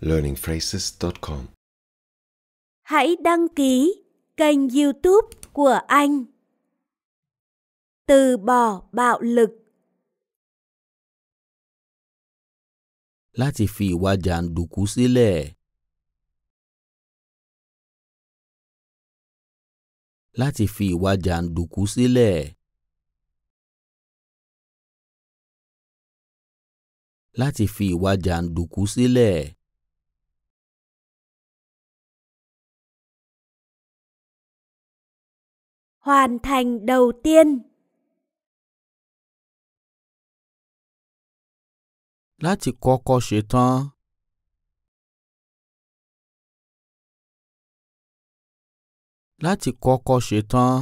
learningphrases.com. Hãy đăng ký kênh YouTube của anh. Từ bỏ bạo lực. Láti fi ìwà jàǹdùkú sílẹ̀. Láti fi ìwà jàǹdùkú sílẹ̀. Láti fi ìwà jàǹdùkú sílẹ̀. hoàn thành đầu tiên. Láti kọ́kọ́ ṣetán. Láti kọ́kọ́ ṣetán.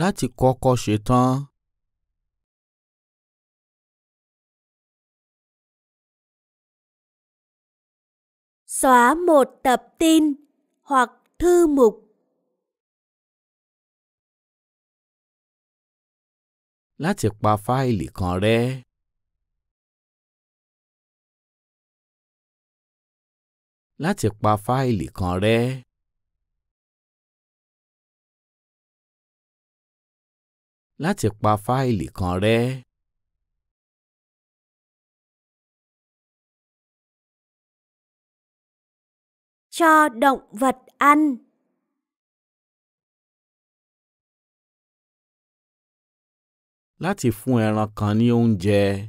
Láti kọ́kọ́ ṣetán. xóa một tập tin hoặc thư mục. Lá Láti Lá fáìlì kan rẹ́. Láti pa fáìlì Lá rẹ́. Láti pa fáìlì kan rẹ́. cho động vật ăn. Láti fún ẹran kan ní oúnjẹ.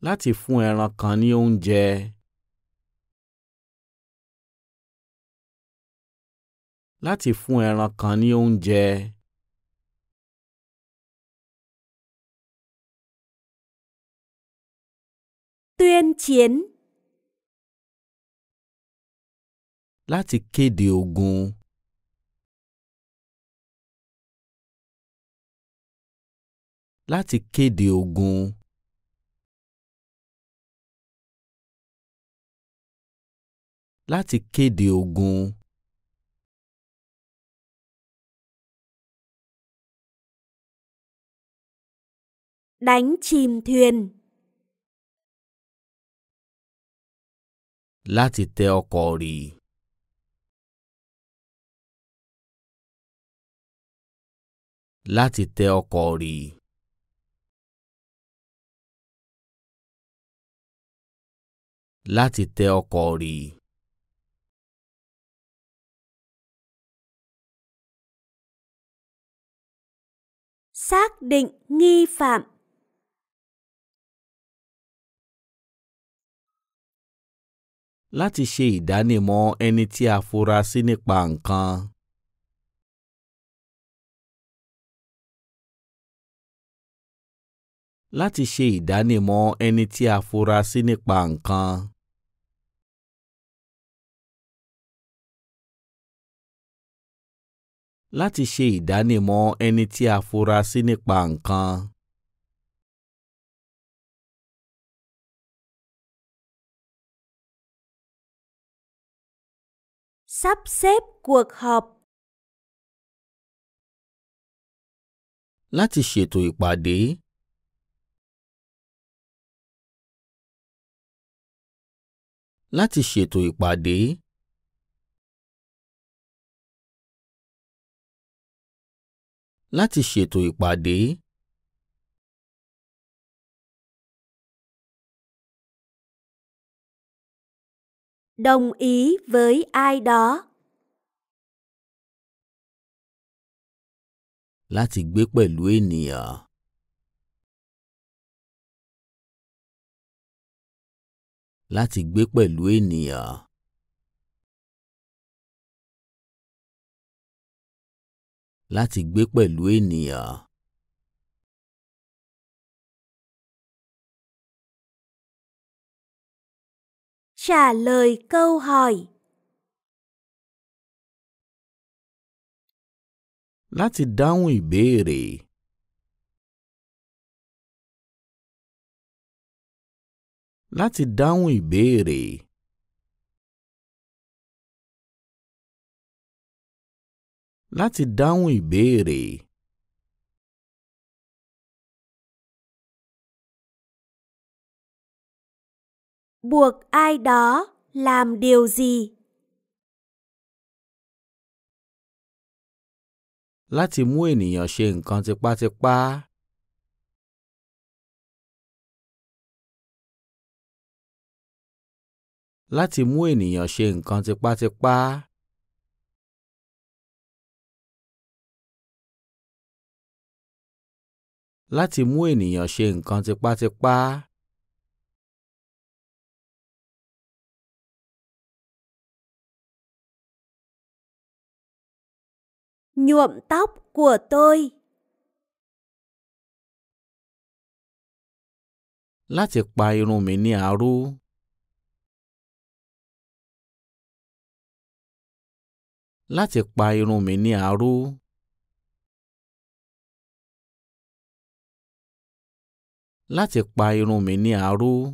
Láti fún ẹran kan ní oúnjẹ. Láti fún ẹran kan ní oúnjẹ. tuyên chiến láti kéde ogun. láti kéde ogun. láti kéde ogun. đánh chìm thuyền láti tẹ ọkọ̀ rì. láti tẹ ọkọ̀ rì. láti tẹ ọkọ̀ rì. xác định nghi phạm láti ṣe ìdánimọ̀ ẹni tí a fura sí nípa nǹkan. láti ṣe ìdánimọ̀ ẹni tí a fura sí nípa nǹkan. láti ṣe ìdánimọ̀ ẹni tí a fura sí nípa nǹkan. sắp xếp cuộc họp. Láti ṣètò ìpàdé. Láti ṣètò ìpàdé. Láti ṣètò ìpàdé. đồng ý với ai đó. Láti gbé pẹ̀lú ènìyàn. Láti gbé pẹ̀lú ènìyàn. Láti gbé pẹ̀lú ènìyàn. trả lời câu hỏi. Láti dáhùn ìbéèrè. Láti dáhùn ìbéèrè. Láti dáhùn ìbéèrè. buộc ai đó làm điều gì láti mú ènìyàn ṣe nǹkan tipátipá. láti mú ènìyàn ṣe nǹkan tipátipá. láti mú ènìyàn ṣe nǹkan tipátipá. nhuộm tóc của tôi. bài Láti pa irun mi ní aró. Láti pa irun mi ní aró. Láti pa irun mi ní aró.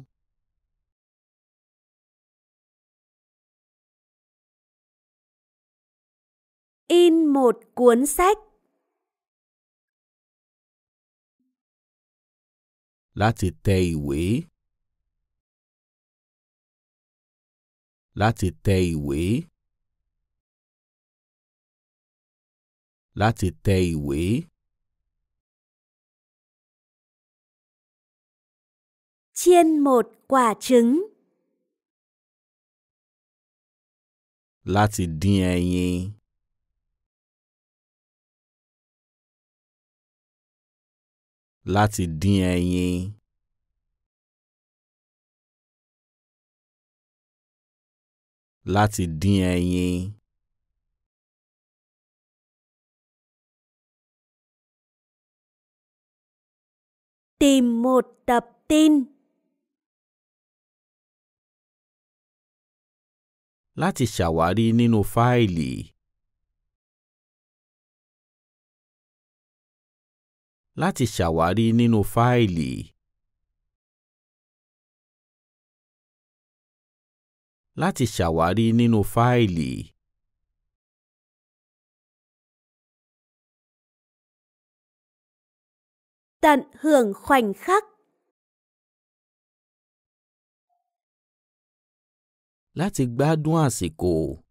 in một cuốn sách. Láti tẹ ìwé. Láti tẹ ìwé. Láti tẹ ìwé. Chiên một quả trứng. Láti dín ẹyin. láti dín ẹyin. láti dín ẹyin. Tìm một tập tin. Láti ṣàwárí nínú fáìlì. láti ṣàwárí nínú fáìlì. láti ṣàwárí nínú fáìlì. tận hưởng khoảnh khắc. láti gbádùn àsìkò.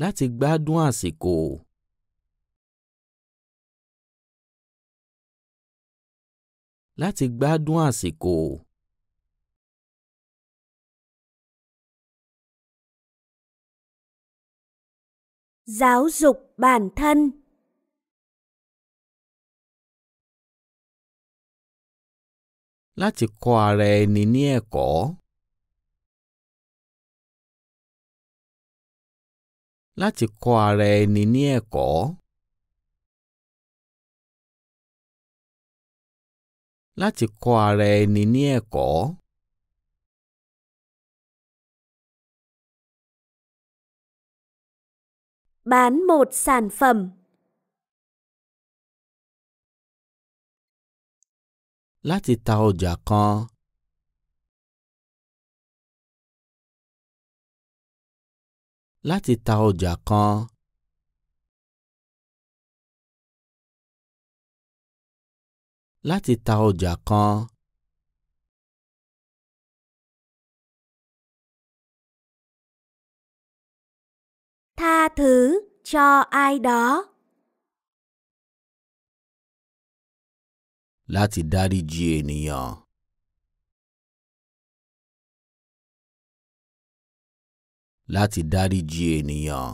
láti gbádùn àsìkò. láti gbádùn àsìkò. giáo dục bản thân láti kọ́ ara ẹni ní ẹ̀kọ́ lachikwara ninieko lachikwara ninieko bán một sản phẩm chỉ tàu ọjà kan láti ta ọjà kan. láti ta ọjà kan. tha thứ cho ai đó. láti dáríji ènìyàn. láti dáríji ènìyàn.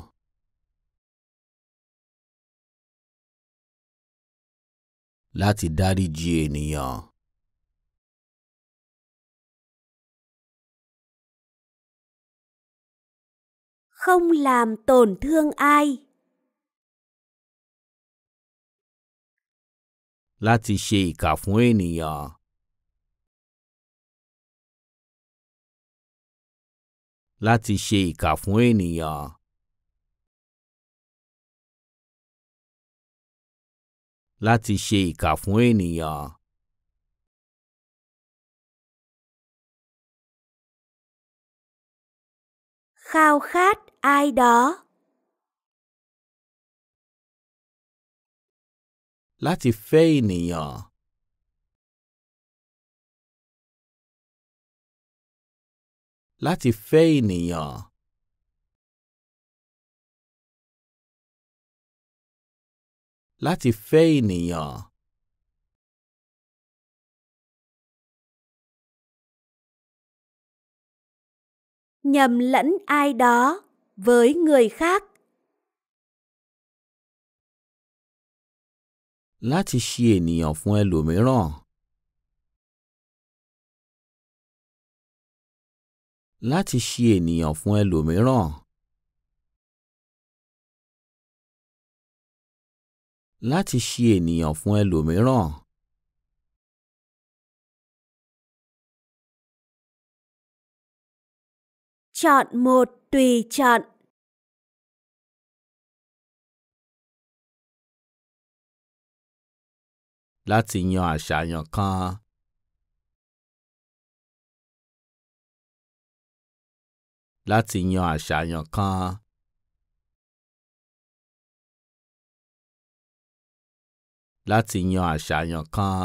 láti dáríji ènìyàn. không làm tổn thương ai. láti ṣe ìkà fún ènìyàn. láti ṣe ìkà fún ènìyàn. láti ṣe ìkà fún ènìyàn. khao khát ai đó. láti fẹ́ ènìyàn. láti fẹ́ ènìyàn. láti fẹ́ ènìyàn. nhầm lẫn ai đó với người khác. láti ṣe ènìyàn fún ẹlòmíràn. láti ṣe ènìyàn fún ẹlòmíràn. láti ṣe ènìyàn fún ẹlòmíràn. Chọn một tùy chọn. Láti yan àṣàyàn kan. láti yan àṣàyàn kan. láti yan àṣàyàn kan.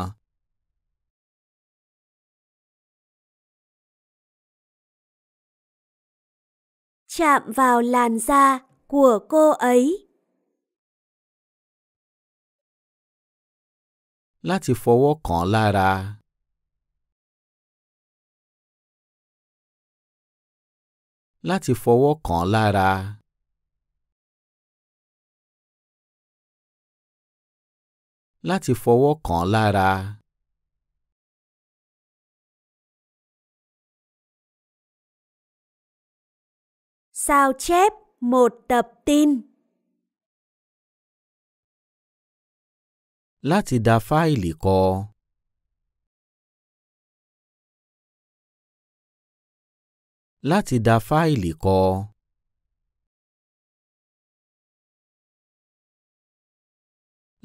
chạm vào làn da của cô ấy. Láti fọwọ́ kàn lára. láti fọwọ́ kàn án lára. láti fọwọ́ kàn án lára. sao chép một tập tin. láti da fáìlì kọ. láti da fáìlì kọ.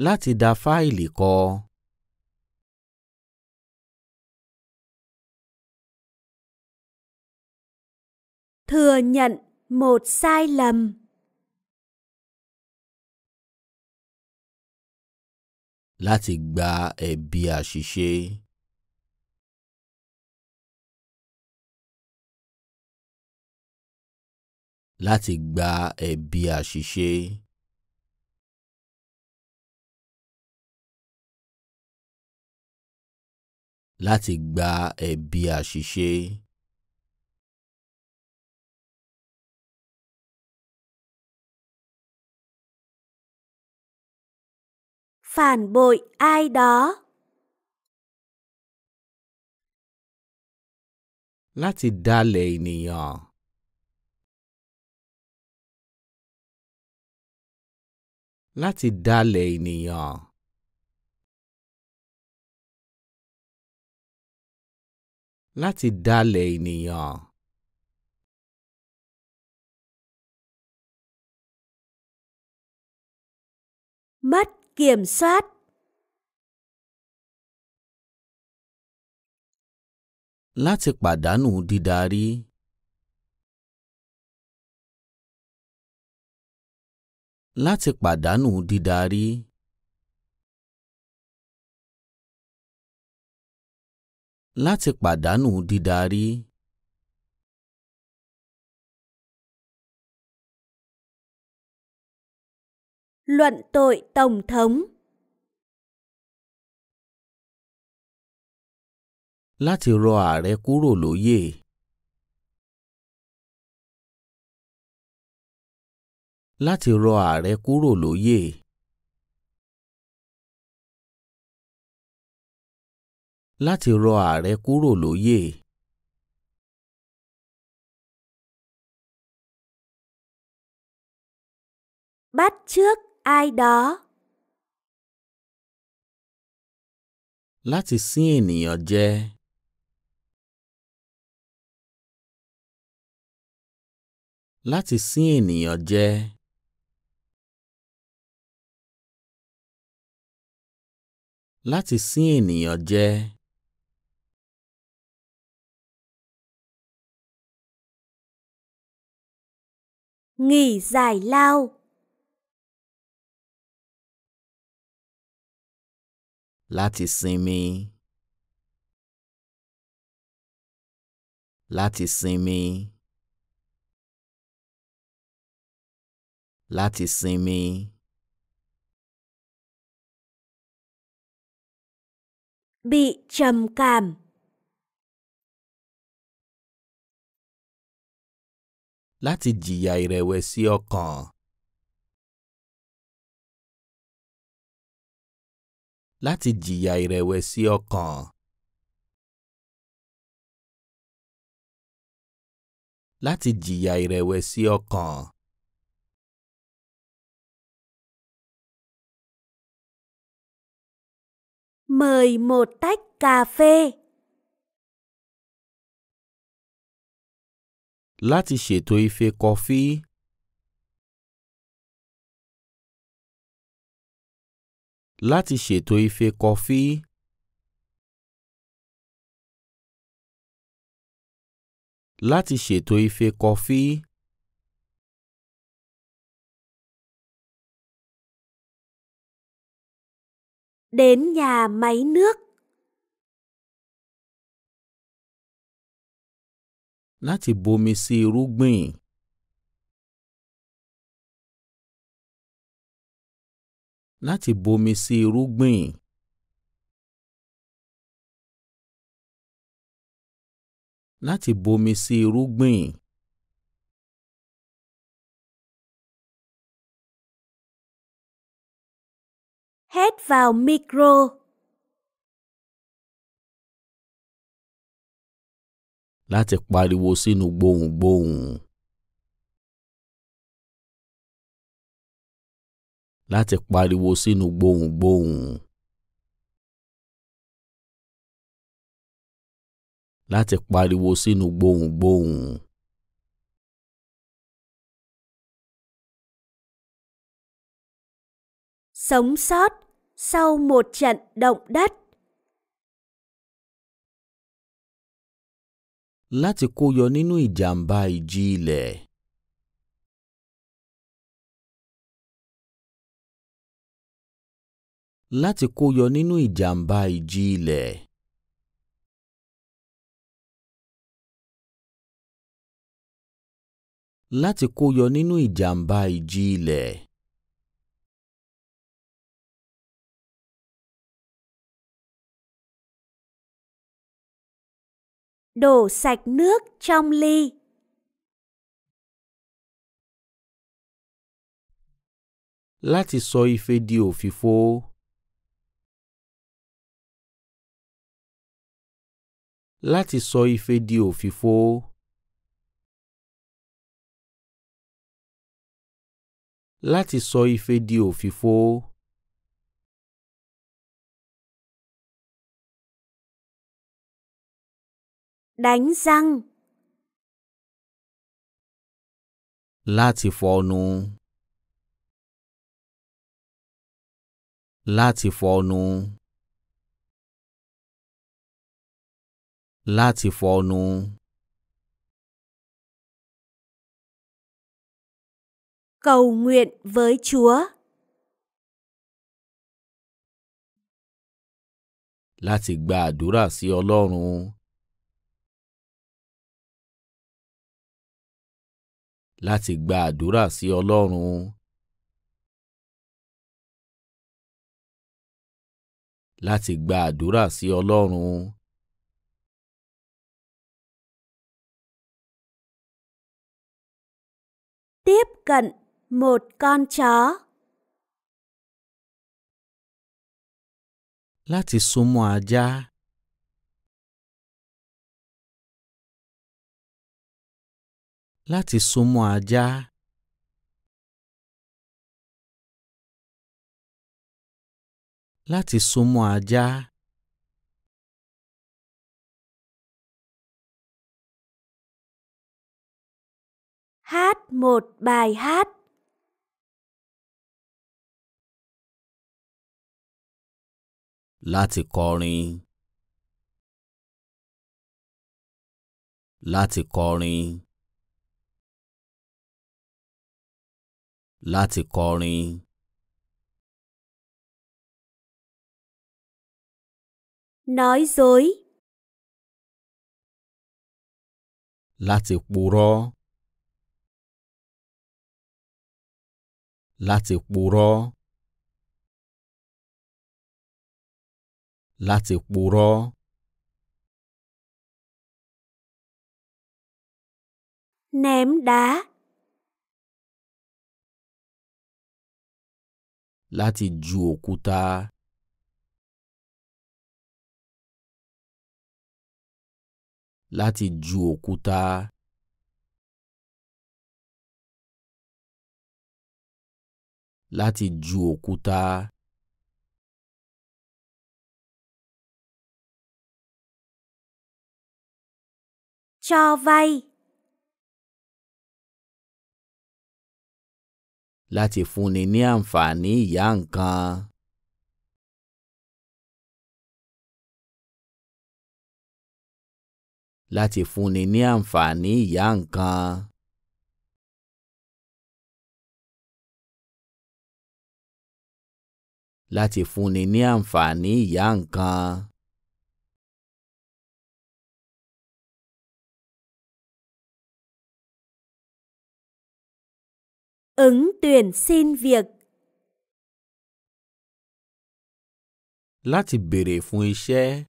láti da fáìlì kọ. thừa nhận một sai lầm láti gba ẹ̀bi àṣìṣe láti gba ẹ̀bi àṣìṣe. láti gba ẹ̀bi àṣìṣe. phản bội ai đó. Láti dalẹ̀ ènìyàn. láti dalẹ̀ ènìyàn. láti dalẹ̀ ènìyàn. mất kiểm soát láti pàdánù dídarí láti pàdánù dídarí. láti pàdánù dídarí. Luận tội Tổng thống Láti rọ ààrẹ kúrò lóyè. láti rọ ààrẹ kúrò lóyè láti rọ ààrẹ kúrò lóyè. bắt trước ai đó. láti sín ènìyàn jẹ. láti sín ènìyàn jẹ. láti sín ènìyàn jẹ. nghỉ giải lao láti sinmi láti sinmi láti sinmi. bị trầm cảm láti jìyà ìrẹ̀wẹ̀sì ọkàn. láti jìyà ìrẹ̀wẹ̀sì ọkàn. láti jìyà ìrẹ̀wẹ̀sì ọkàn. mời một tách cà phê. Láti ṣètò ife kọfí. Láti ṣètò ife kọfí. Láti ṣètò ife kọfí. đến nhà máy nước. Láti bomi sí irúgbìn. Láti bomi sí irúgbìn. Láti bomi sí irúgbìn. hét vào micro. Láti pariwo sínú gbohùngbohùn. Láti pariwo sínú gbohùngbohùn. Láti pariwo sínú gbohùngbohùn. sống sót sau một trận động đất. Láti kóyọ nínú ìjàmbá ìjì ilẹ̀. Láti kóyọ nínú ìjàmbá ìjì ilẹ̀. Láti kóyọ nínú ìjàmbá ìjì ilẹ̀. đổ sạch nước trong ly. Láti sọ ife di òfìfo. Láti sọ ife di òfìfo. Láti sọ ife di òfìfo. đánh răng láti fọnu láti fọnu láti fọnu. cầu nguyện với Chúa. Láti gba àdúrà sí Ọlọ́run. láti gba àdúrà sí Ọlọ́run. láti gba àdúrà sí Ọlọ́run. Tiếp cận một con chó. Láti súnmọ́ ajá. láti súnmọ́ ajá. láti súnmọ́ ajá. Hát một bài hát. Láti kọrin. Láti kọrin. láti kọrin. Nói dối Láti purọ́ Láti purọ́ Láti purọ́ Ném đá láti ju òkúta. láti ju òkúta. láti ju òkúta. cho vay láti fúnni ní àǹfààní ìyá nǹkan. láti fúnni ní àǹfààní ìyá nǹkan. láti fúnni ní àǹfààní ìyá nǹkan. ứng tuyển xin việc. Láti béèrè fún iṣẹ́.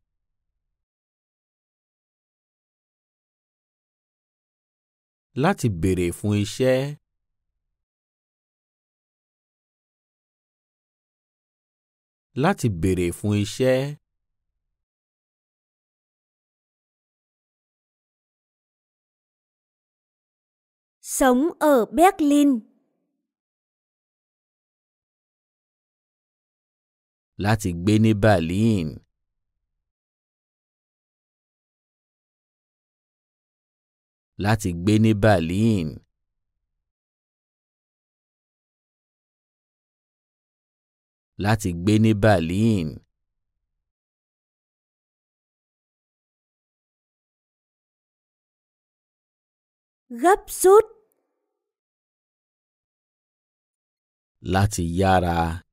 Láti béèrè fún iṣẹ́. Láti béèrè fún iṣẹ́. Sống ở Berlin. láti gbé ní Berlin. láti gbé ní Berlin. láti gbé ní Berlin. gấp rút láti yára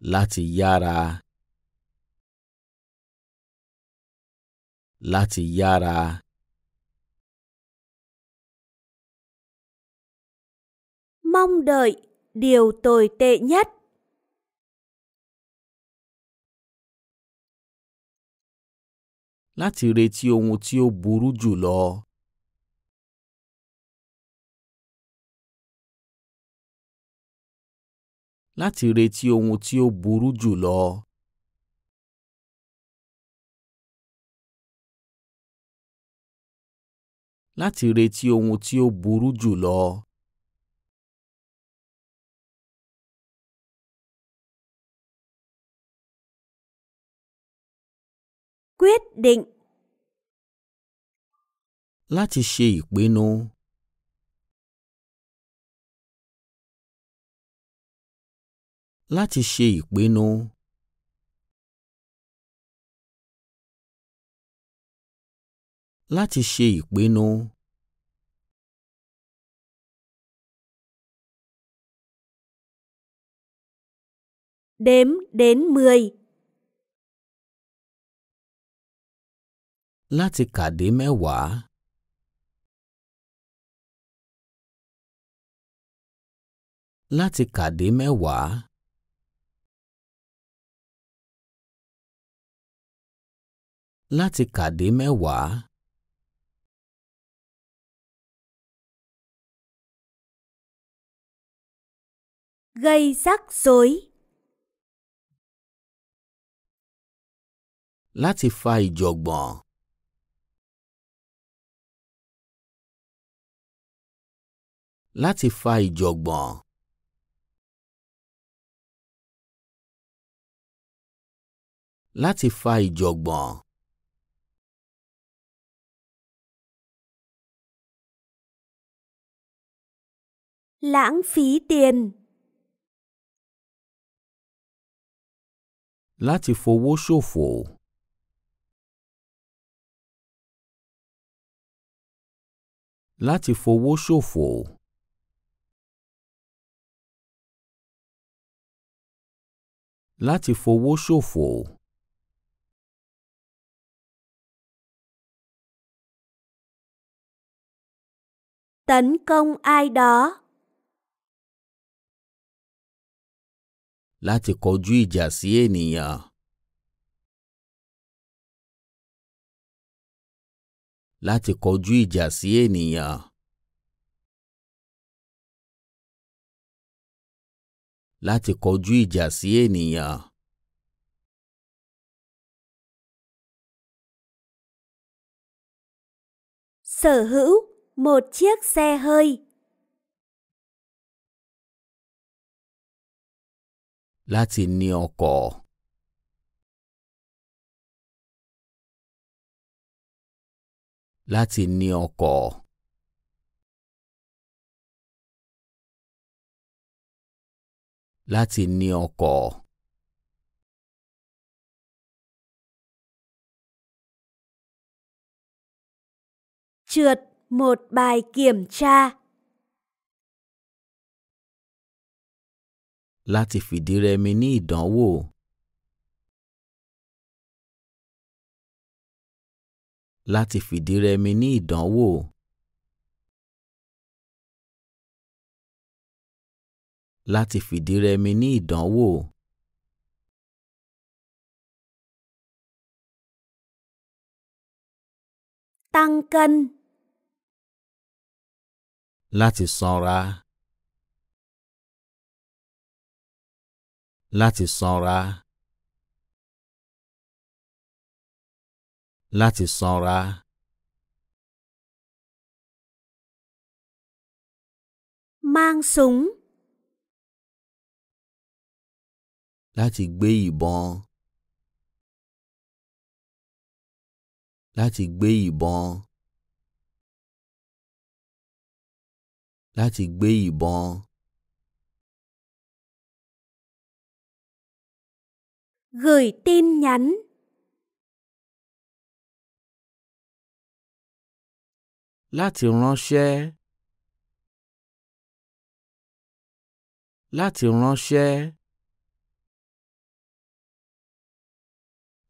láti yára láti yára. Mong đợi điều tồi tệ nhất. Láti retí ohun tí ó burú jù lọ. láti retí ohun tí ó burú jù lọ. láti retí ohun tí ó burú jù lọ. Quyết định. Láti ṣe ìpinnu. láti ṣe ìpinnu. láti ṣe ìpinnu. Đếm đến 10. Láti kà đến mẹ́wàá. Láti kà đến mẹ́wàá. láti kàdé mẹ́wàá. Gây rắc rối. Láti fa ìjọ̀gbọ̀n. Láti fa ìjọ̀gbọ̀n. Láti fa ìjọ̀gbọ̀n. lãng phí tiền. Láti fowó ṣòfò. Láti fowó ṣòfò. Láti fowó ṣòfò. Tấn công ai đó. láti kọjú ìjà sí ènìyàn. láti kọjú ìjà sí ènìyàn. láti kọjú ìjà sí ènìyàn. sở hữu một chiếc xe hơi láti ní ọkọ̀. láti ní ọkọ̀. láti ní ọkọ̀. Trượt một bài kiểm tra. láti fìdírẹmi ní ìdánwò. láti fìdírẹmi ní ìdánwò. láti fìdírẹmi ní ìdánwò. tăng cân láti sanra láti sanra láti sanra. mang súng láti gbé ìbọn láti gbé ìbọn láti gbé ìbọn. gửi tin nhắn láti ránṣẹ́ láti ránṣẹ́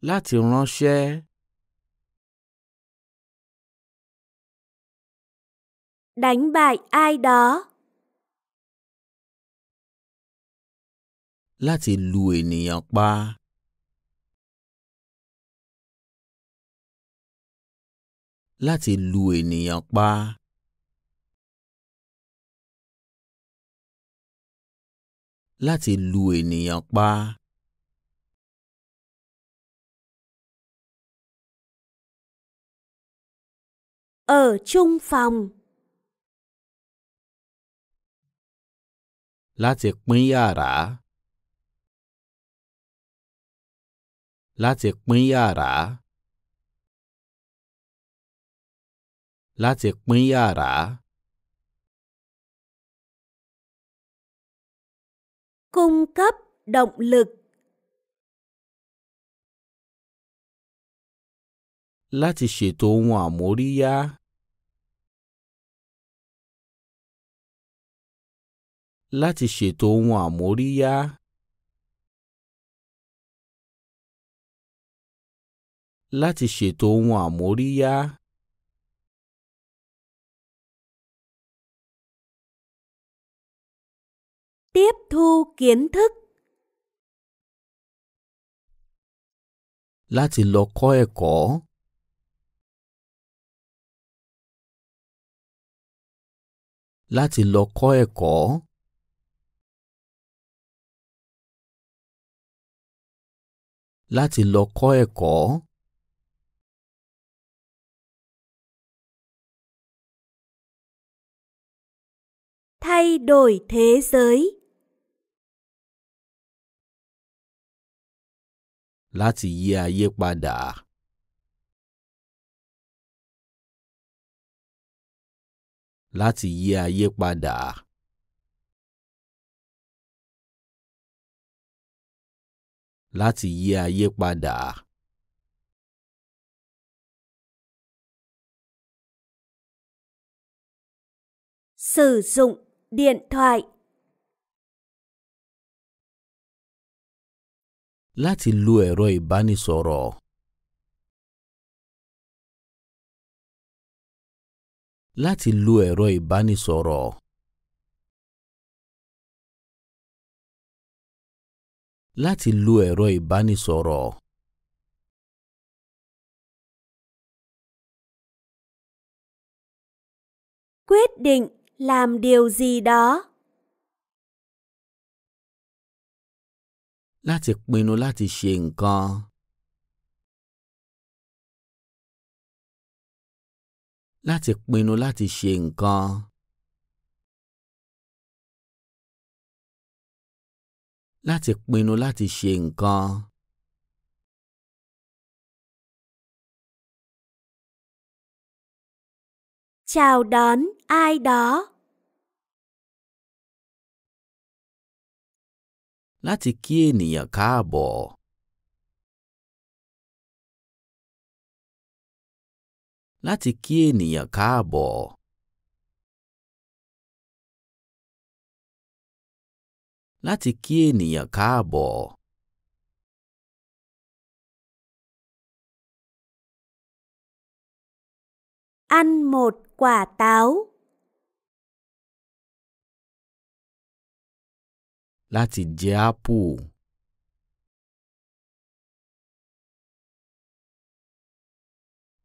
láti ránṣẹ́. đánh bại ai đó láti lu ènìyàn pa láti lu ènìyàn pa. láti lu ènìyàn pa. ở chung phòng. láti pín yàrá. láti pín yàrá. láti pín yàrá. Cung cấp động lực Láti ṣètò ohun àmóríyá. Láti ṣètò ohun àmóríyá. láti ṣètò ohun àmóríyá. Tiếp thu kiến thức. lo Láti lọ kọ́ ẹ̀kọ́. Láti lọ kọ́ ẹ̀kọ́. Láti lọ kọ́ ẹ̀kọ́. thay đổi thế giới láti yí ayé padà. láti yí ayé padà. láti yí ayé padà. sử dụng điện thoại láti lo ẹ̀rọ ìbánisọ̀rọ̀. láti lo ẹ̀rọ ìbánisọ̀rọ̀. láti lo ẹ̀rọ ìbánisọ̀rọ̀. quyết định làm điều gì đó láti pinnu láti ṣe nǹkan. láti pinnu láti ṣe nǹkan. láti pinnu láti ṣe nǹkan. chào đón ai đó láti kí ènìyàn káàbọ̀. láti kí ènìyàn káàbọ̀. láti kí ènìyàn káàbọ̀. ăn một quả táo láti jẹ ápù.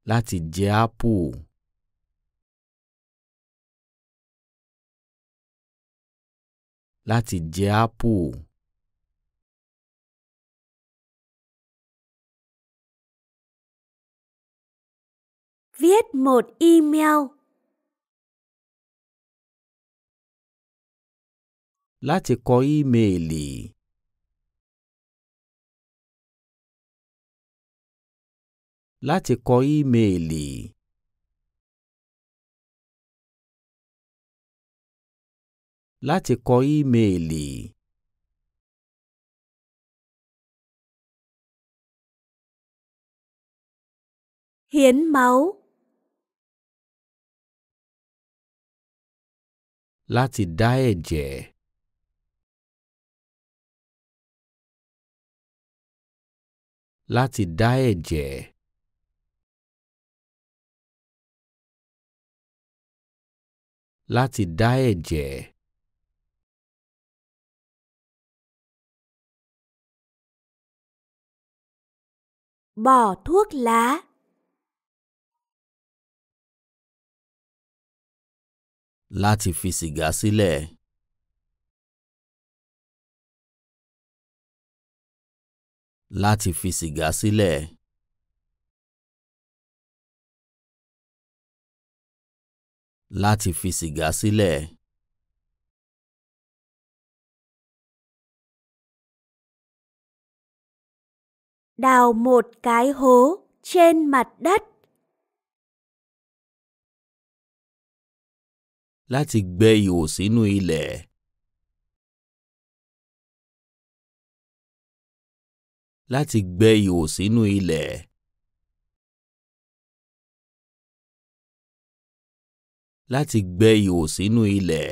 láti jẹ ápù. láti jẹ ápù. Viết một email láti kọ ímeèlì láti kọ ímeèlì. láti kọ ímeèlì. hiến máu láti dá ẹ̀jẹ̀ láti dá ẹ̀jẹ̀. láti dá ẹ̀jẹ̀. Bỏ thuốc lá. Láti fi sìgá sílẹ̀. láti fi sìgá sílẹ̀. láti fi sìgá sílẹ̀. Đào một cái hố trên mặt đất. Láti gbẹ́ ihò sínú ilẹ̀. láti gbẹ́ ihò sínú ilẹ̀. láti gbẹ́ ihò sínú ilẹ̀.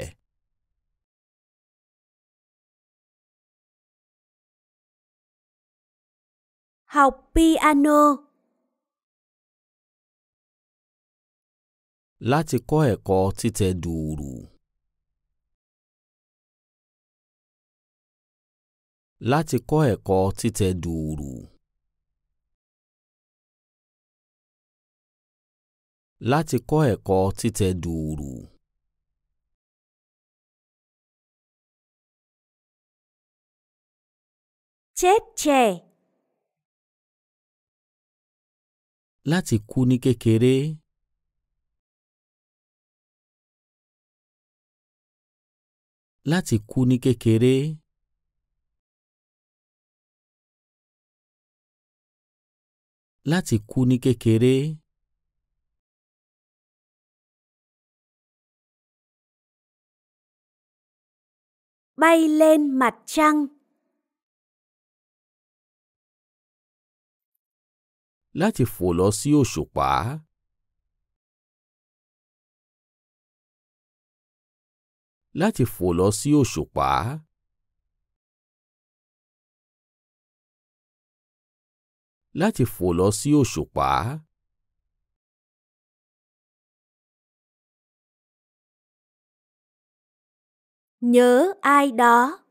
học piano. láti kọ́ ẹ̀kọ́ títẹ̀ dùùrù. láti kọ́ ẹ̀kọ́ títẹ dùùrù. láti kọ́ ẹ̀kọ́ títẹ dùùrù. chẹ́chẹ́. láti kú ní kékeré. láti kú ní kékeré. láti kú ní kékeré. Bay lên mặt trăng. Láti fò lọ sí òṣùpá. Láti fò lọ sí òṣùpá. láti fò lọ sí òṣùpá. Nhớ ai đó.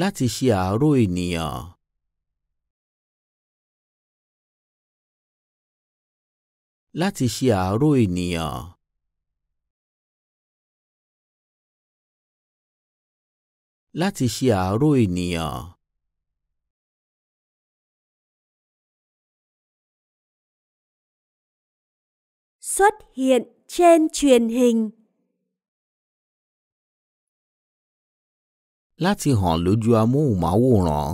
Láti ṣe àárò ènìyàn. Láti ṣe àárò ènìyàn. láti ṣe àárò ènìyàn. Xuất hiện trên truyền hình. Láti hàn lójú amóhùnmáwòrán.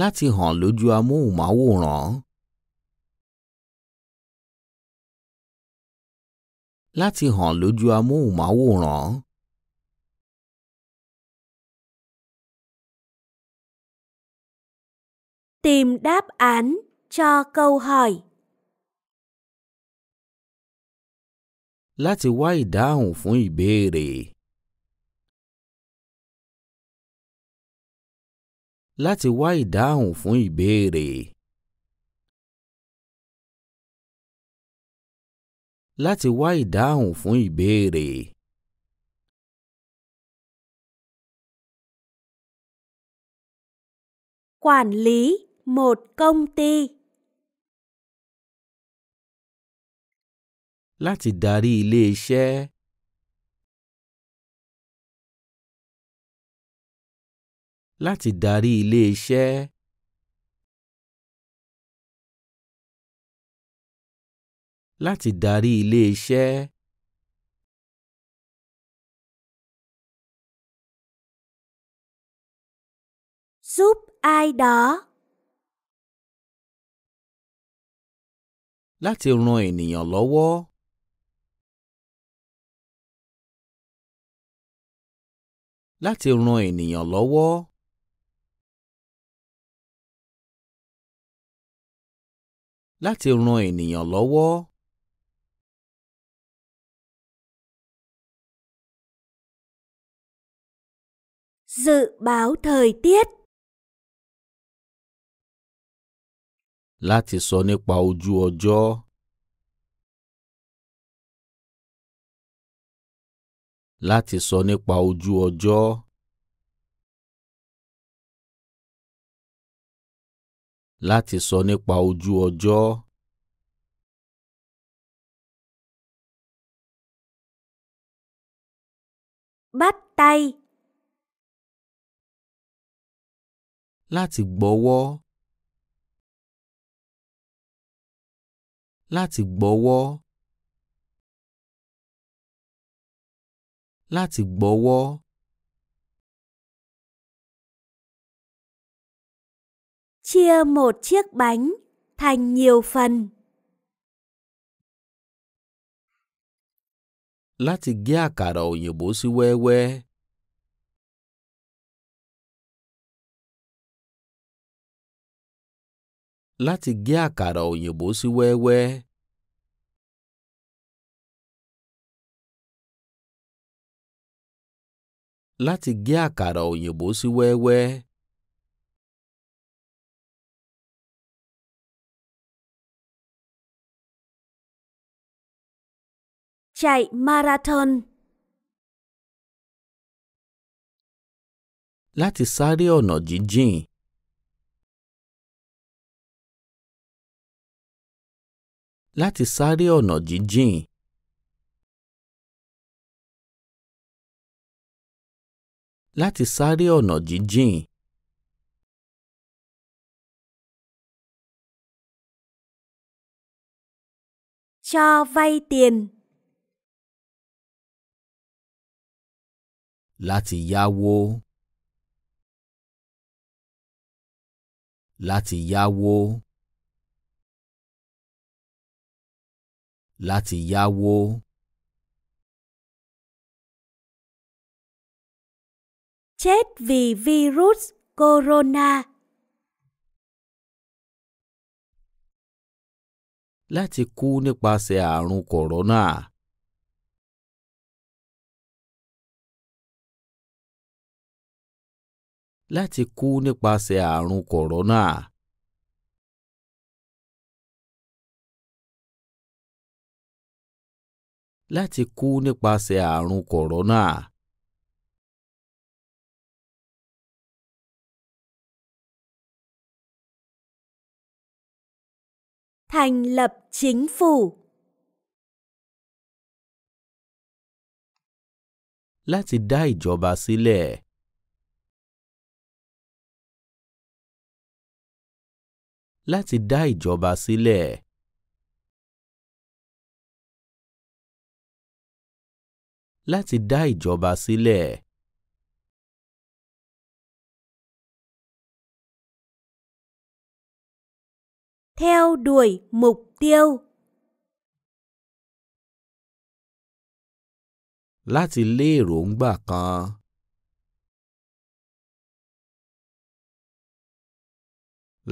Láti hàn lójú amóhùnmáwòrán. láti hàn lójú amóhùnmáwòrán. Tìm đáp án cho câu hỏi. Láti wá ìdáhùn fún ìbéèrè. Láti wá ìdáhùn fún ìbéèrè. láti wá ìdáhùn fún ìbéèrè. Quản lý một công ty. Láti darí ilé-iṣẹ́. Láti darí ilé-iṣẹ́. láti darí ilé-iṣẹ́. giúp ai đó. láti ran ènìyàn lọ́wọ́. láti ran ènìyàn lọ́wọ́. láti ran ènìyàn lọ́wọ́. Dự báo thời tiết Láti sọ nípa ojú ọjọ́. Láti sọ nípa ojú ọjọ́. Láti sọ nípa ojú ọjọ́. Bắt tay láti gbọ́wọ́ láti gbọ́wọ́ láti gbọ́wọ́ chia một chiếc bánh thành nhiều phần láti gé àkàrà òyìnbó sí wẹ́wẹ́ láti gé àkàrà òyìnbó sí wẹ́wẹ́. láti gé àkàrà òyìnbó sí wẹ́wẹ́. chạy marathon. láti sáré ọ̀nà jíjìn. láti sáré ọ̀nà jíjìn. láti sáré ọ̀nà jíjìn. cho vay tiền. láti yáwó. láti yáwó. láti yáwó. Chết vì virus corona. Láti kú nípasẹ̀ àrùn kòrónà. Láti kú nípasẹ̀ àrùn corona. láti kú nípasẹ̀ àrùn kòrónà. Thành lập chính phủ Láti dá ìjọba sílẹ̀. Láti dá ìjọba sílẹ̀. láti dá ìjọba sílẹ̀. Theo đuổi mục tiêu. Láti lé èròǹgbà kan.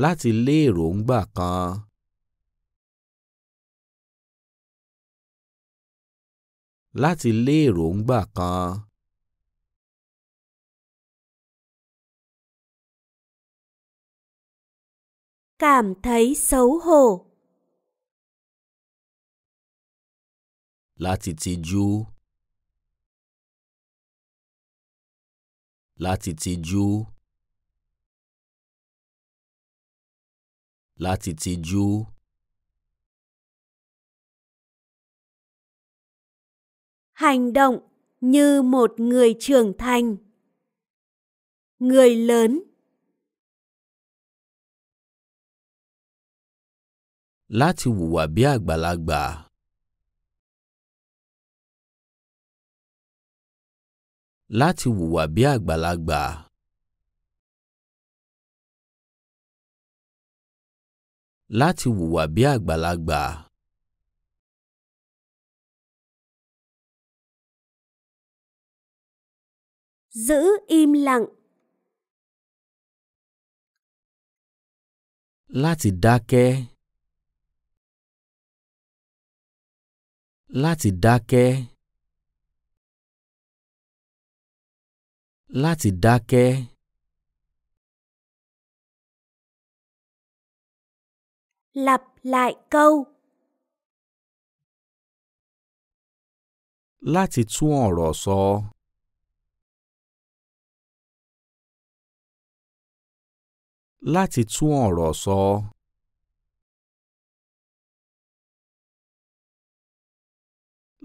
Láti lé èròǹgbà kan. láti lé èròǹgbà kan. Cảm thấy xấu hổ. Láti tijú. Láti tijú. Láti tijú. hành động như một người trưởng thành người lớn láti hùwà bí àgbàlagbà. láti hùwà bí àgbàlagbà. láti hùwà bí àgbàlagbà. giữ im lặng. Láti dákẹ́. Láti dákẹ́. Láti dákẹ́. Lặp lại câu. Láti tún ọ̀rọ̀ sọ. láti tún ọ̀rọ̀ sọ.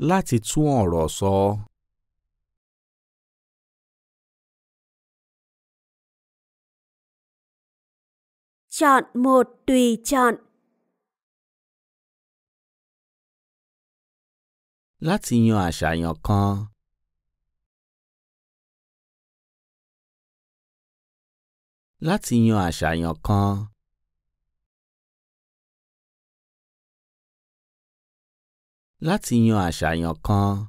láti tún ọ̀rọ̀ sọ. Chọn một tùy chọn. Láti yan àṣàyàn kan. láti yan àṣàyàn kan. láti yan àṣàyàn kan.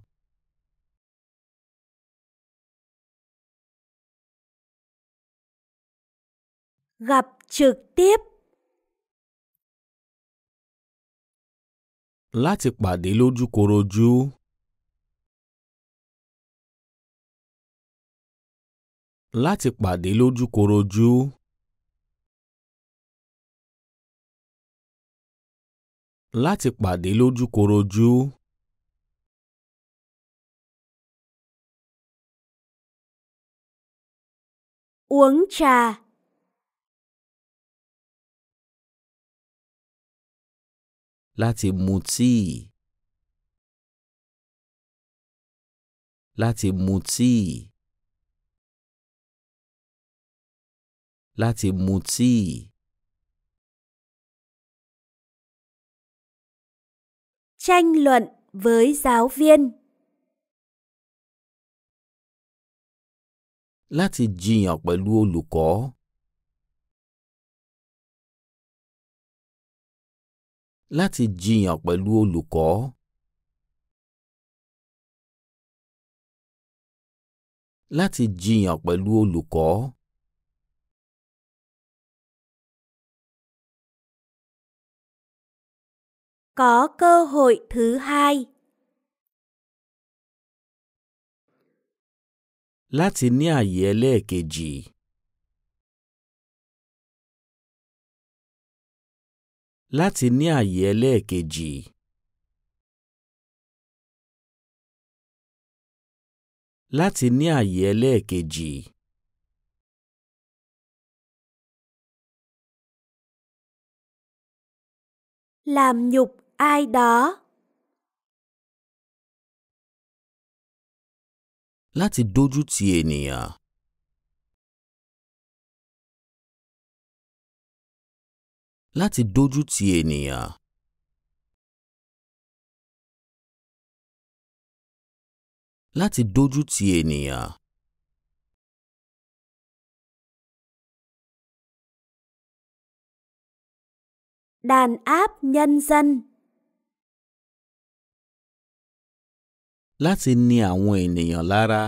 gặp trực tiếp. láti pàdé lójúkorojú. láti pàdé lójúkorojú láti pàdé lójúkorojú. uống trà láti mu tíì láti mu tíì. láti mu tíì. Tranh luận với giáo viên. Láti jiyàn pẹ̀lú olùkọ́. Láti jiyàn pẹ̀lú olùkọ́. Láti jiyàn pẹ̀lú olùkọ́. có cơ hội thứ hai. Láti ní àyè ẹlẹ́ẹ̀kejì. Láti ní àyè ẹlẹ́ẹ̀kejì. Láti ní àyè ẹlẹ́ẹ̀kejì. làm nhục ai đó. Láti dójú ti ènìyàn. Láti dójú ti ènìyàn. Láti dójú ti ènìyàn. đàn áp nhân dân láti ní àwọn ènìyàn lára.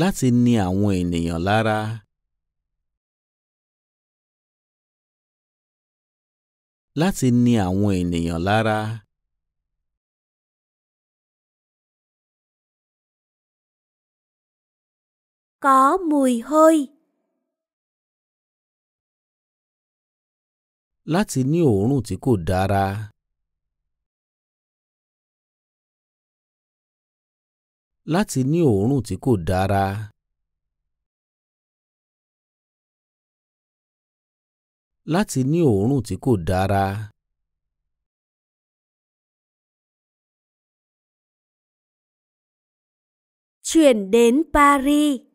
láti ní àwọn ènìyàn lára. láti ní àwọn ènìyàn lára. có mùi hôi láti ní òórùn tí kò dára. láti ní òórùn tí kò dára. láti ní òórùn tí kò dára. Chuyển đến Paris.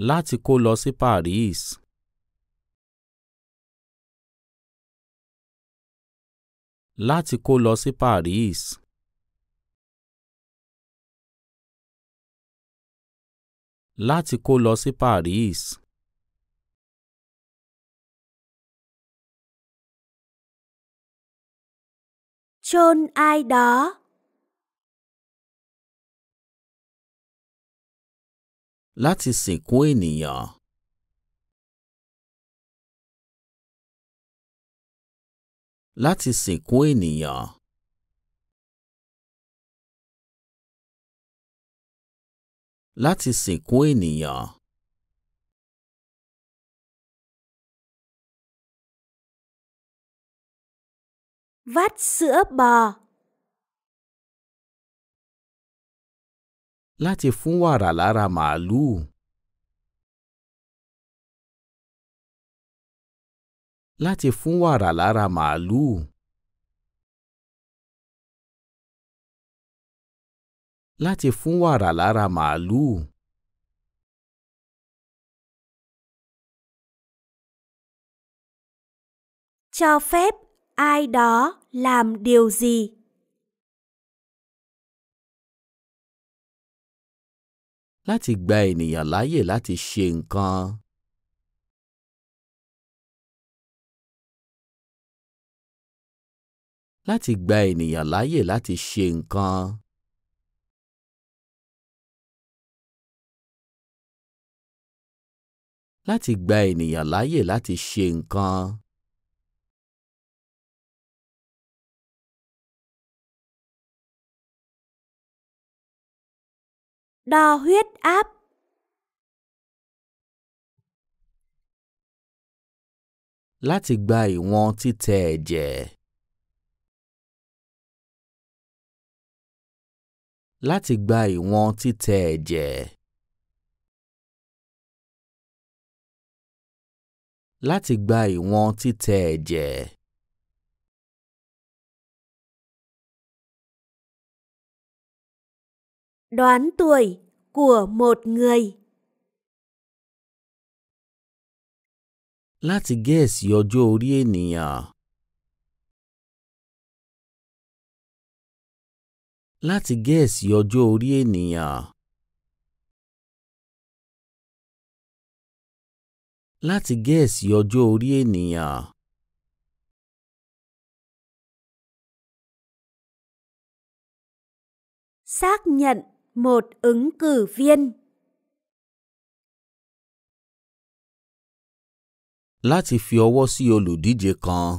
láti kó lọ sí Paris. láti kó lọ sí Paris. láti kó lọ sí Paris. chôn ai đó láti sìnkú ènìyàn. láti sìnkú ènìyàn. láti sìnkú ènìyàn. vắt sữa bò láti fún wàrà lára màálùú. láti fún wàrà lára màálùú. láti fún wàrà lára màálùú. cho phép ai đó làm điều gì láti gba ènìyàn láàyè láti ṣe nǹkan. láti gba ènìyàn láàyè láti ṣe nǹkan. láti gba ènìyàn láàyè láti ṣe nǹkan. đo huyết áp. Láti gba ìwọ̀n títẹ̀ ẹ̀jẹ̀. Láti gba ìwọ̀n títẹ̀ ẹ̀jẹ̀. Láti gba ìwọ̀n títẹ̀ ẹ̀jẹ̀. đoán tuổi của một người. Láti gẹ̀ẹ́sì ọjọ́ orí ènìyàn. Láti gẹ̀ẹ́sì ọjọ́ orí ènìyàn. Láti gẹ̀ẹ́sì ọjọ́ orí ènìyàn. Xác nhận một ứng cử viên. Láti fi ọwọ́ sí olùdíje kan.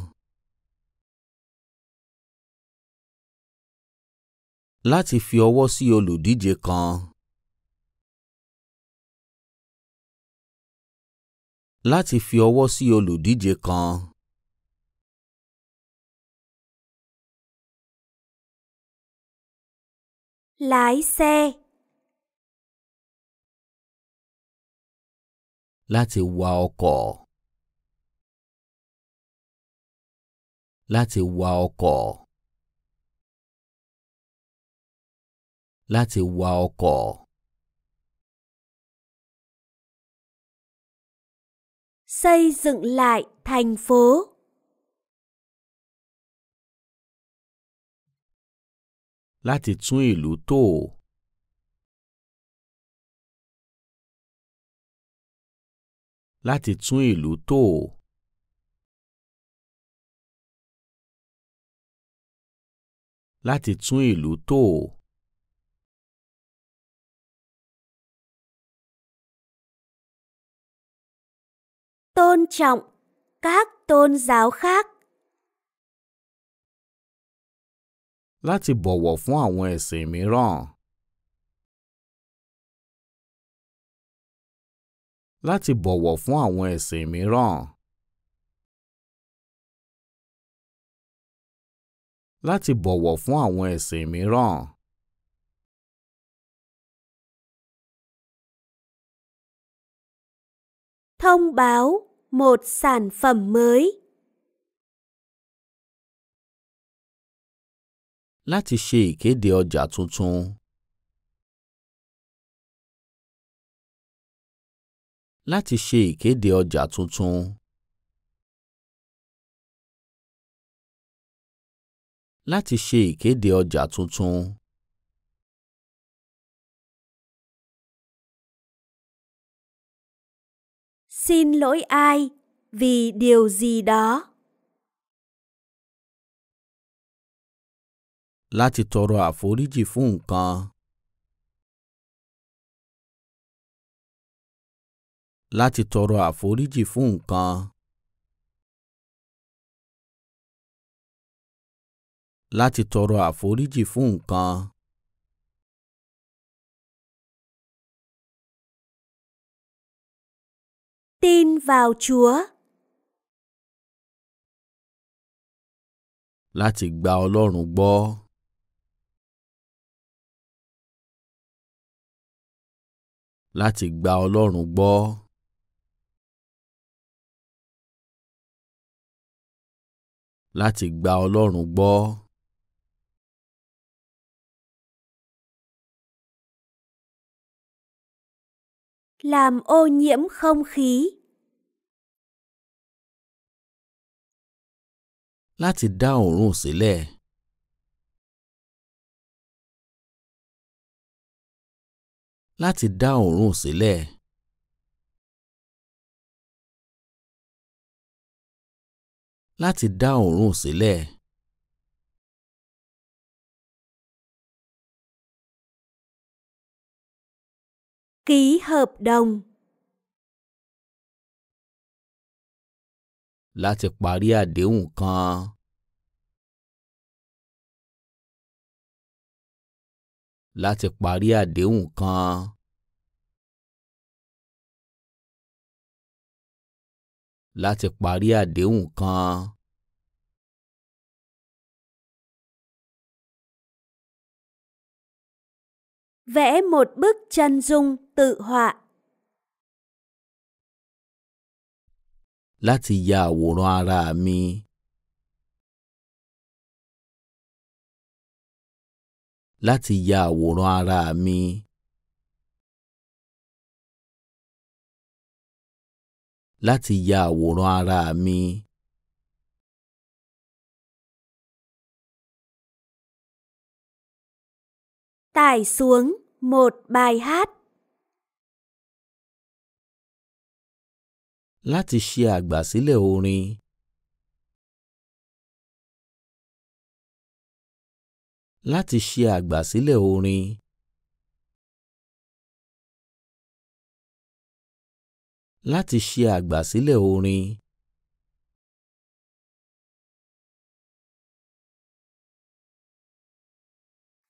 Láti fi ọwọ́ sí olùdíje kan. Láti fi ọwọ́ sí olùdíje kan. lái xe láti wa ọkọ̀ láti wa ọkọ̀ láti wa ọkọ̀. xây dựng lại thành phố láti tún ìlú tò. láti tún ìlú tò. láti tún ìlú o tôn trọng các tôn giáo khác láti bọ̀wọ̀ fún àwọn ẹ̀sìn mìíràn. láti bọ̀wọ̀ fún àwọn ẹ̀sìn mìíràn. láti bọ̀wọ̀ fún àwọn ẹ̀sìn mìíràn. Thông báo một sản phẩm mới láti ṣe ìkéde ọjà tuntun. láti ṣe ìkéde ọjà tuntun. láti ṣe ìkéde ọjà tuntun. Xin lỗi ai vì điều gì đó. láti tọrọ àforíjì fún nǹkan. láti tọrọ àforíjì fún nǹkan. láti tọrọ àforíjì fún nǹkan. Tin vào Chúa. Láti gba Ọlọ́run gbọ́. láti gba Ọlọ́run gbọ́. láti gba Ọlọ́run gbọ́. làm ô nhiễm không khí. Láti dá òórùn sílẹ̀. láti dá òórùn sílẹ̀. láti dá òórùn sílẹ̀. ký hợp đồng. láti parí àdéhùn kan. láti parí àdéhùn kan. láti parí àdéhùn kan. Vẽ một bức chân dung tự họa. Láti ya àwòrán ara mi. láti ya àwòrán ara mi. láti ya àwòrán ara mi. Tải xuống một bài hát. Láti ṣe àgbàsílẹ̀ orin. láti ṣe àgbàsílẹ̀ orin. láti ṣe àgbàsílẹ̀ orin.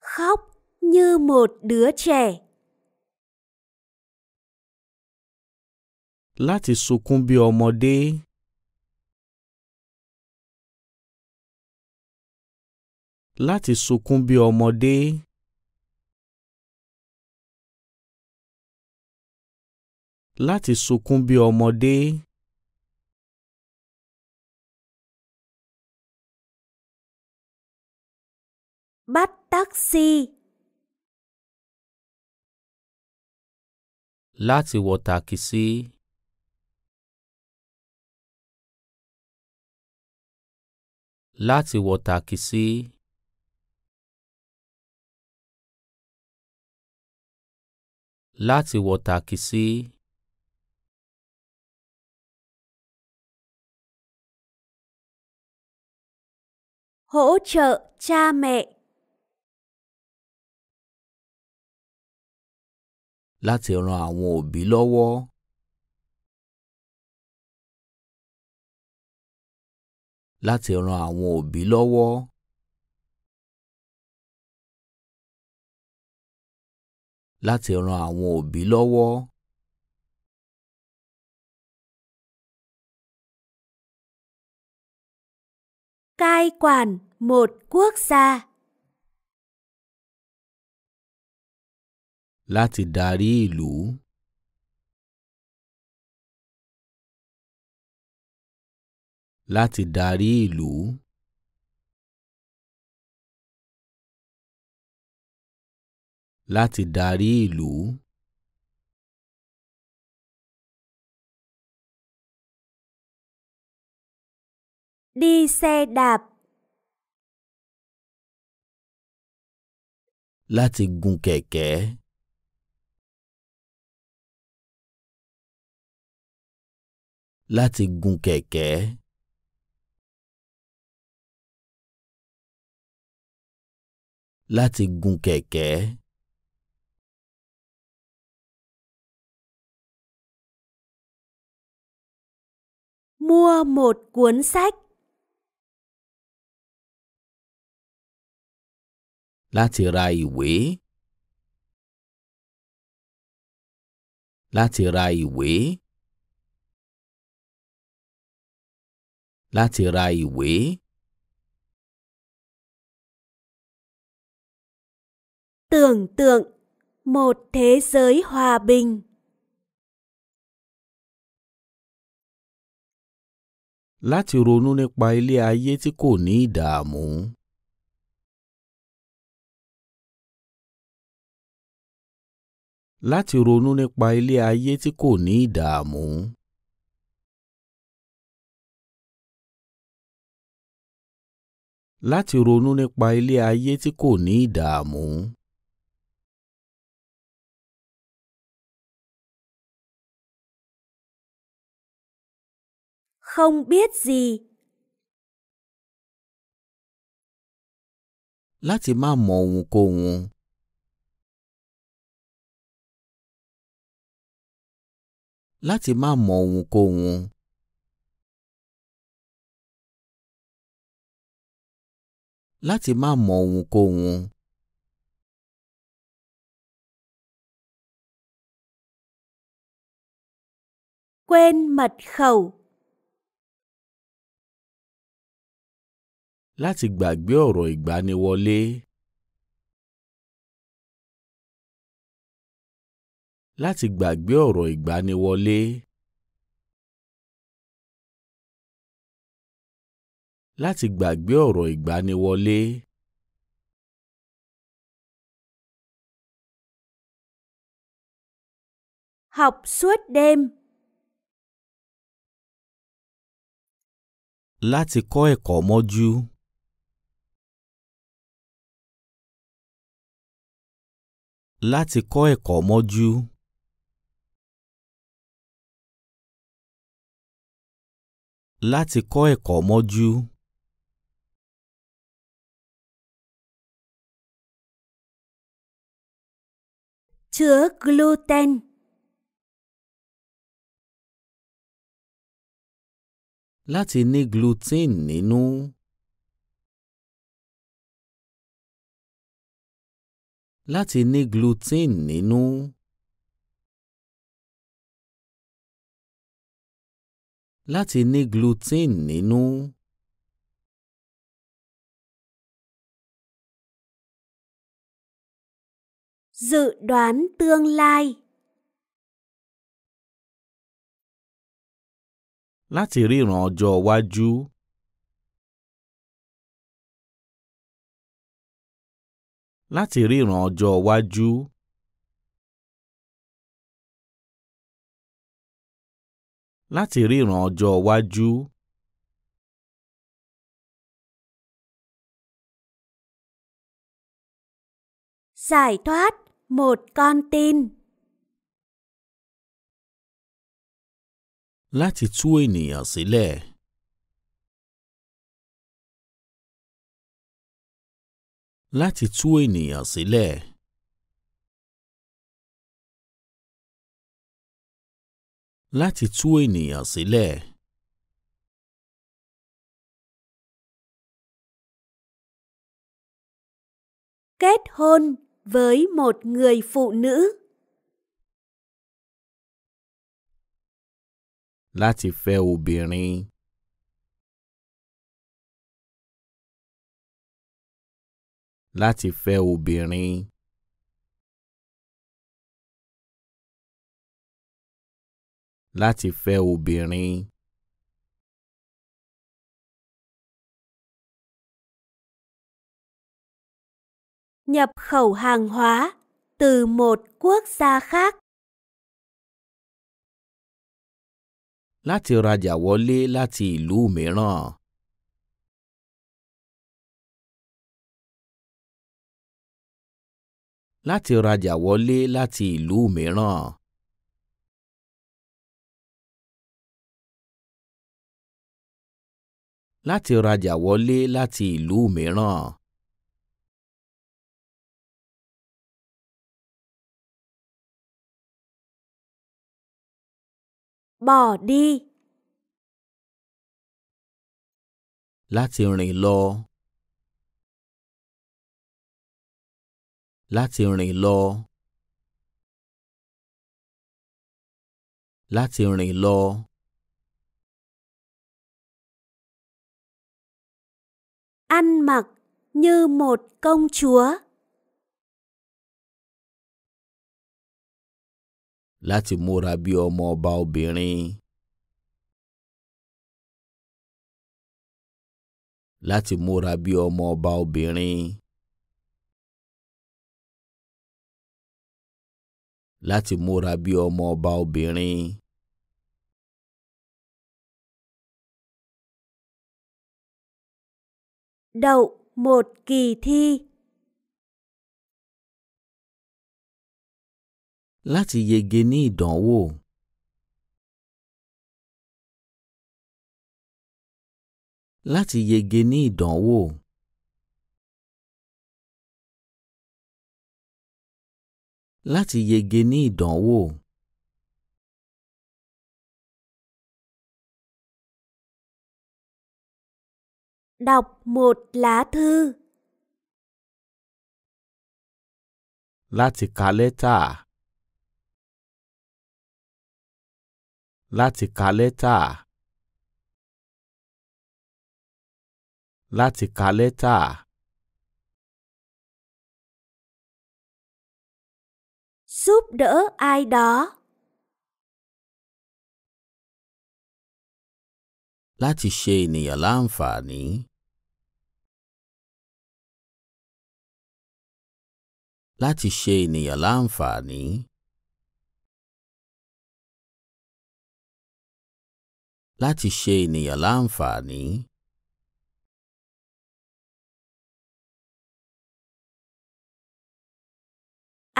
khóc như một đứa trẻ. Láti sunkún bí ọmọdé. láti sunkún bí ọmọdé. láti sunkún bí ọmọdé. bắt taxi. láti wọ tàkìsí. láti wọ tàkìsí. láti wọ tàkìsí. Hỗ trợ cha mẹ. Láti ran àwọn òbí lọ́wọ́. Láti ran àwọn òbí lọ́wọ́. láti ran àwọn òbí lọ́wọ́. Cai quản một quốc gia. Láti darí ìlú. Láti darí ìlú. láti darí ìlú. Đi xe đạp. Láti gun kẹ̀kẹ́. Láti gun kẹ̀kẹ́. Láti gun kẹ̀kẹ́. mua một cuốn sách. Lacerai quế Lacerai quế Lacerai quế Tưởng tượng một thế giới hòa bình láti ronú nípa ilé ayé tí kò ní ìdààmú. láti ronú nípa ilé ayé tí kò ní ìdààmú. láti ronú nípa ilé ayé tí kò ní ìdààmú. không biết gì. láti má mọ ohunkóhun. láti má mọ ohunkóhun. láti má mọ ohunkóhun. quên mật khẩu láti gbàgbé ọ̀rọ̀ ìgbaniwọlé. láti gbàgbé ọ̀rọ̀ ìgbaniwọlé. láti gbàgbé ọ̀rọ̀ ìgbaniwọlé. Học suốt đêm. Láti kọ́ ẹ̀kọ́ mọ́jú. láti kọ́ ẹ̀kọ́ mọ́jú. láti kọ́ ẹ̀kọ́ mọ́jú. chứa gluten. láti ní gluten nínú. láti ní gluten nínú. láti ní gluten nínú. dự đoán tương lai láti ríran ọjọ́ iwájú. láti ríran ọjọ́ iwájú. láti ríran ọjọ́ iwájú. Giải thoát một con tin. Láti tú ènìyàn sílẹ̀. láti tú ènìyàn sílẹ̀. láti tú ènìyàn sílẹ̀. kết hôn với một người phụ nữ. láti fẹ́ obìnrin. láti fẹ́ obìnrin. láti fẹ́ obìnrin. Nhập khẩu hàng hóa từ một quốc gia khác. Láti rajà wọlé láti ìlú mìíràn. láti rajà wọlé láti ìlú mìíràn. láti rajà wọlé láti ìlú mìíràn. bỏ đi. láti rìn lọ. láti rìn lọ. láti rìn lọ. ăn mặc như một công chúa. láti múra bí ọmọ ọba obìnrin. láti múra bí ọmọ ọba obìnrin. láti múra bí ọmọ ọba obìnrin. Đậu một kỳ thi. Láti yege ní ìdánwò. Láti yege ní ìdánwò. láti yege ní ìdánwò. Đọc một lá thư. Láti ka lẹ́tà. Láti ka lẹ́tà. Láti ka lẹ́tà. giúp đỡ ai đó. Láti ṣe ènìyàn láǹfààní. Láti ṣe ènìyàn láǹfààní. Láti ṣe ènìyàn láǹfààní.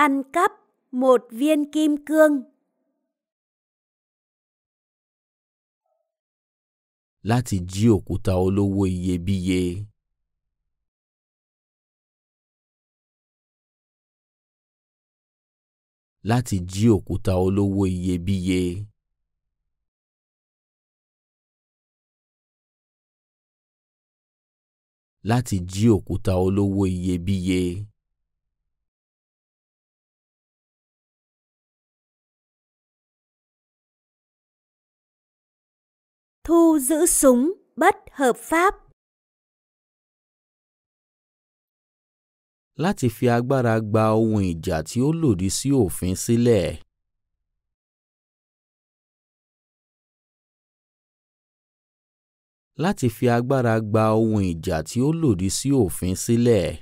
Ăn cắp một viên kim cương. Láti jí òkúta olówó iyebíye. Láti jí òkúta olówó iyebíye. Láti jí òkúta olówó iyebíye. thu giữ súng bất hợp pháp. Láti fi agbára gba ohun ìjà tí ó lòdì sí òfin sílẹ̀. Láti fi agbára gba ohun ìjà tí ó lòdì sí òfin sílẹ̀.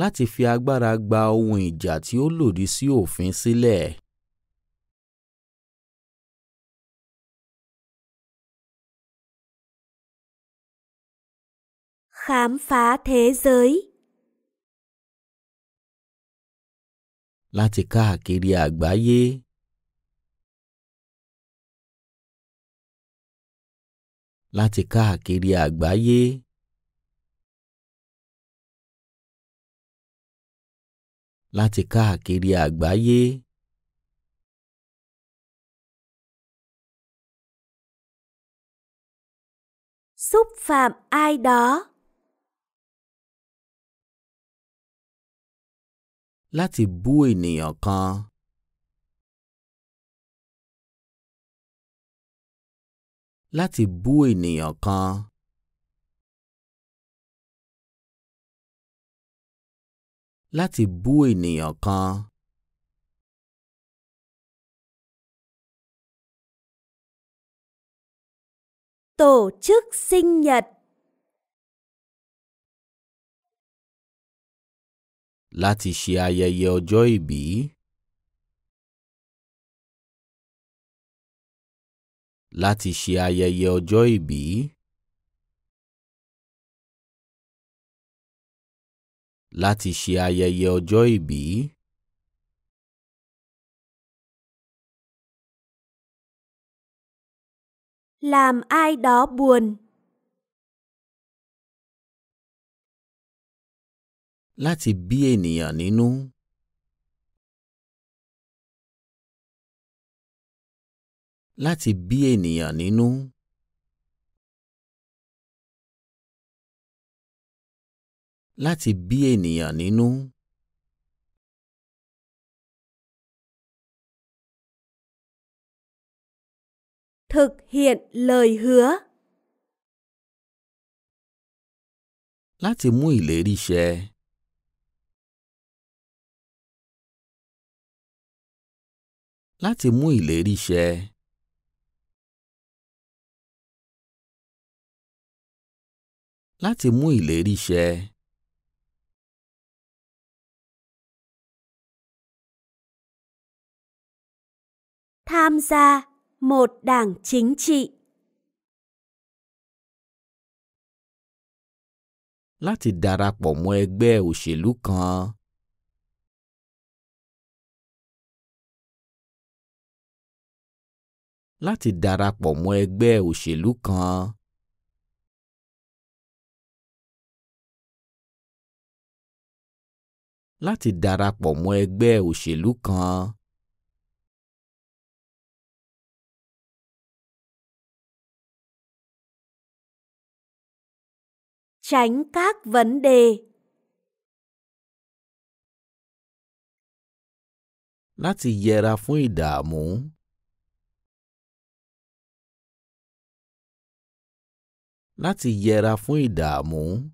láti fi agbára gba ohun ìjà tí ó lòdì sí òfin sílẹ̀. Khám phá thế giới Láti káàkiri àgbáyé. Láti káàkiri àgbáyé. láti káàkiri àgbáyé. Xúc phạm ai đó. Láti bú ènìyàn kan. Láti bú ènìyàn kan. láti bú ènìyàn kan. Tổ chức sinh nhật Láti ṣe ayẹyẹ ọjọ́ ìbí. Láti ṣe ayẹyẹ ọjọ́ ìbí. láti ṣe ayẹyẹ ọjọ́ ìbí. Làm ai đó buồn. Láti bí ènìyàn nínú. Láti bí ènìyàn nínú. láti bí ènìyàn nínú. Thực hiện lời hứa. Láti mú ìlérí ṣẹ. Láti mú ìlérí ṣẹ. Láti mú ìlérí ṣẹ. tham gia một đảng chính trị. Láti darapọ̀ mọ́ ẹgbẹ́ òṣèlú kan. Láti darapọ̀ mọ́ ẹgbẹ́ òṣèlú kan. Láti darapọ̀ mọ́ ẹgbẹ́ òṣèlú kan. tránh các vấn đề. Láti yẹra fún ìdààmú. Láti yẹra fún ìdààmú.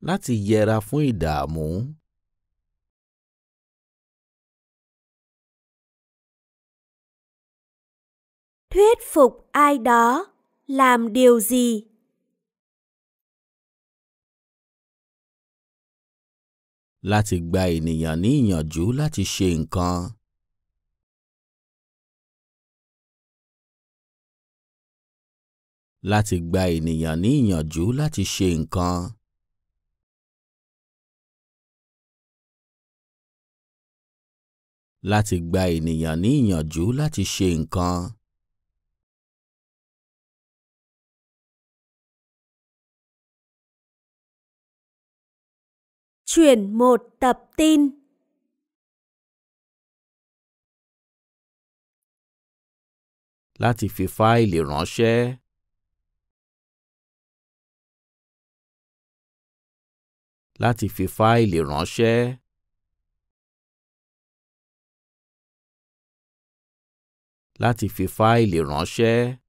Láti yẹra fún ìdààmú. thuyết phục ai đó làm điều gì láti gba ènìyàn ní ìyànjú láti ṣe nǹkan. láti gba ènìyàn ní ìyànjú láti ṣe nǹkan. láti gba ènìyàn ní ìyànjú láti ṣe nǹkan. Chuyển một tập tin. Láti fi fáìlì ránṣẹ́. Láti fi fáìlì ránṣẹ́. Láti fi fáìlì ránṣẹ́.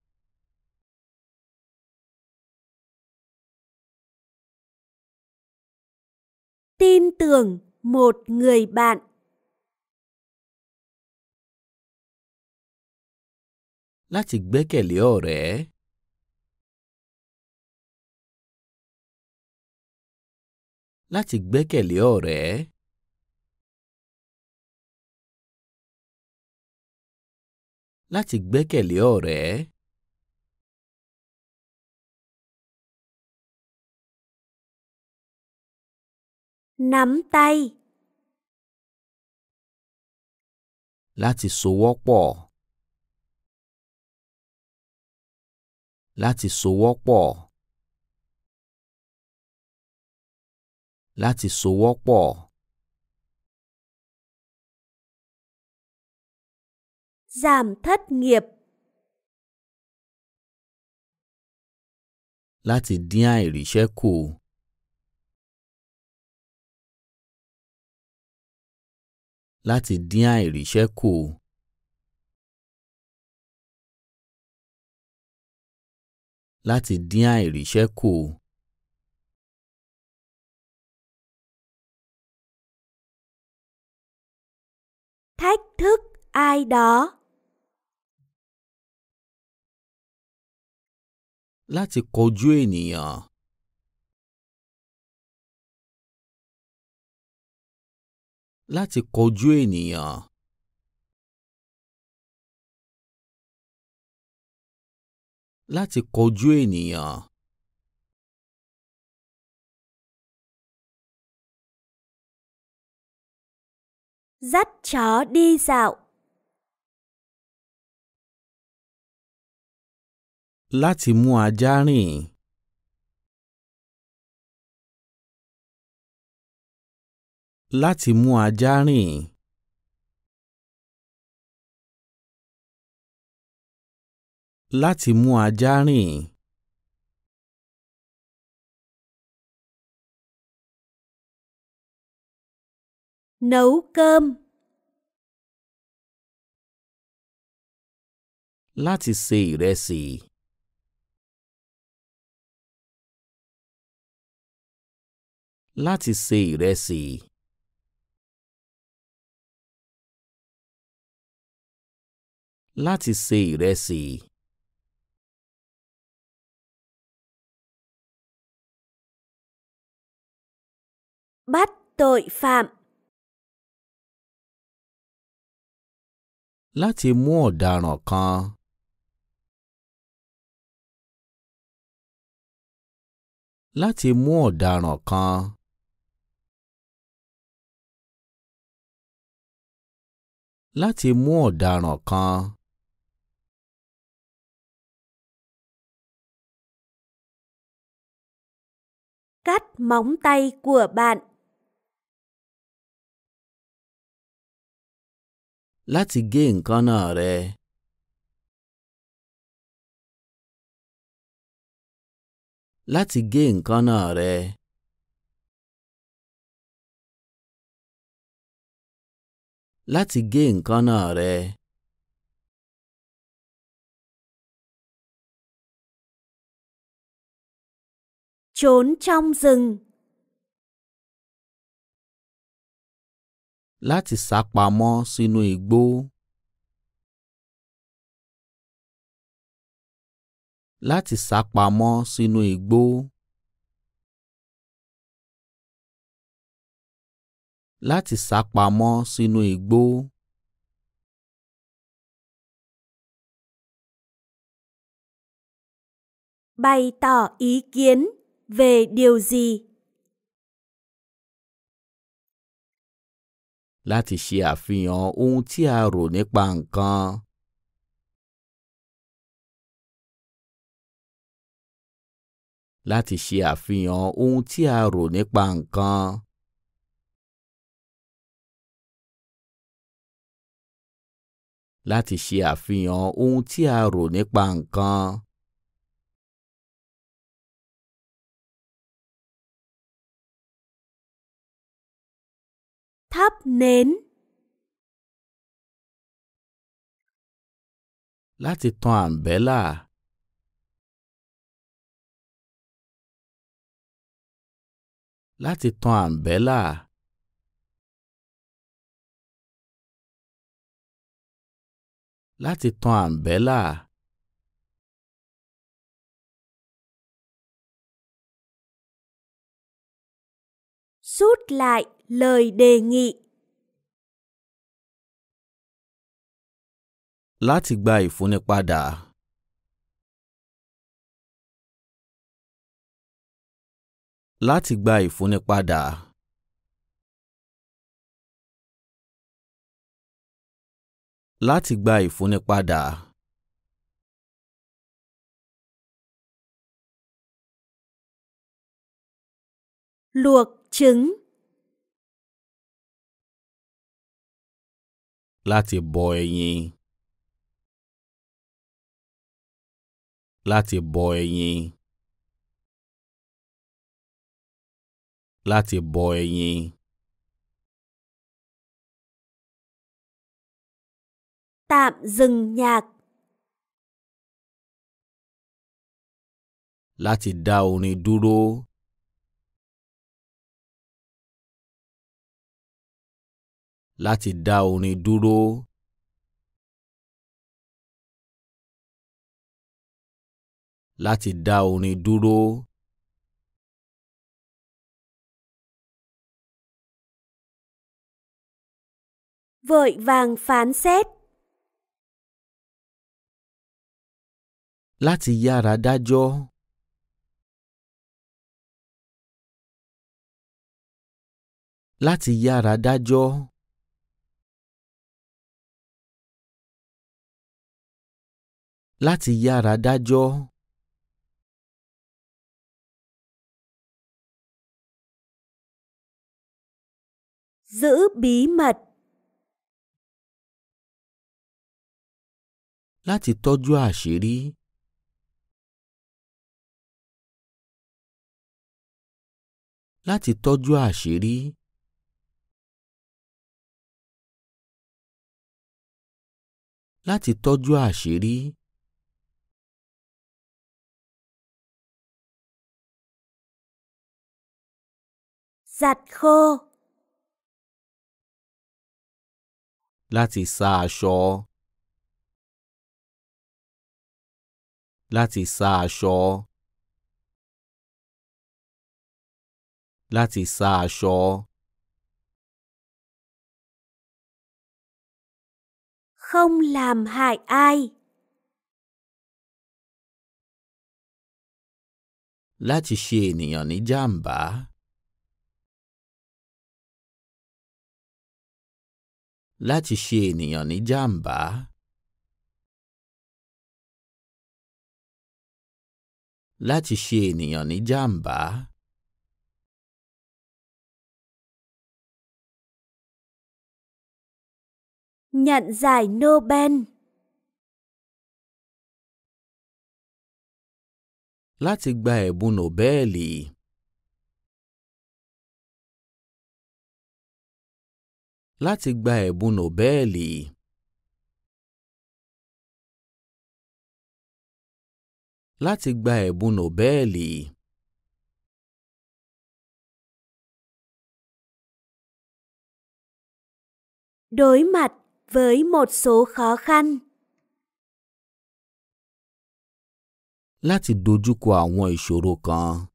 tin tưởng một người bạn láti gbẹ́kẹ̀lé ọ̀rẹ́. láti gbẹ́kẹ̀lé ọ̀rẹ́. láti gbẹ́kẹ̀lé ọ̀rẹ́. nắm tay. Láti sowọ́pọ̀. Láti sowọ́pọ̀. Láti sowọ́pọ̀. Giảm thất nghiệp. Láti dín àìríṣẹ́ kù. láti dín àìríṣẹ́ kù. láti dín àìríṣẹ́ kù. thách thức ai đó. láti kojú ènìyàn. láti kojú ènìyàn. láti kojú ènìyàn. dắt chó đi dạo. láti mú ajá rìn. Láti mú ajá rìn. Láti mú ajá rìn. Nấu cơm. Láti sè ìrẹsì. Láti sè ìrẹsì. láti se ìrẹsì. Bắt tội phạm. Láti mú ọ̀daràn kan. Láti mú ọ̀daràn kan. Láti mú ọ̀daràn kan. cắt móng tay của bạn. láti gé nǹkan náà rẹ. láti gé nǹkan náà rẹ. láti gé nǹkan náà rẹ. trốn trong rừng. Láti sá pamọ́ sínú igbó. Láti sá pamọ́ sínú igbó. Láti sá pamọ́ sínú igbó. Bày tỏ ý kiến về điều gì? Láti ṣe àfihàn ohun tí a rò nípa nǹkan. Láti ṣe àfihàn ohun tí a rò nípa nǹkan. Láti ṣe àfihàn ohun tí a rò nípa nǹkan. thắp nến láti tan àǹbẹ́là. láti tan àǹbẹ́là. láti tan àǹbẹ́là. rút lại lời đề nghị. Láti gba ìfúnni padà. Láti gba ìfúnni padà. Láti gba ìfúnni padà. Luộc trứng. Láti bọ ẹyin. Láti bọ ẹyin. Láti bọ ẹyin. Tạm dừng nhạc. Láti dá orin dúró. láti dá orin dúró. láti dá orin dúró. vội vàng phán xét. láti yára dájọ́. láti yára dájọ́. láti yára dájọ́. Giữ bí mật. Láti tọ́jú àṣírí. Láti tọ́jú àṣírí. Láti tọ́jú àṣírí. giặt khô. láti sá aṣọ. láti sá aṣọ. láti sá aṣọ. không làm hại ai. láti ṣe ènìyàn ní jàǹbá. láti ṣe ènìyàn ní jàǹbá. láti ṣe ènìyàn ní jàǹbá. Nhận giải Nobel. Láti gba ẹ̀bùn Nòbẹ́ẹ̀lì. láti gba ẹ̀bùn nobẹ́ẹ̀lì láti gba ẹ̀bùn nobẹ́ẹ̀lì. Đối mặt với một số khó khăn. Láti dojúkọ àwọn ìṣòro kan.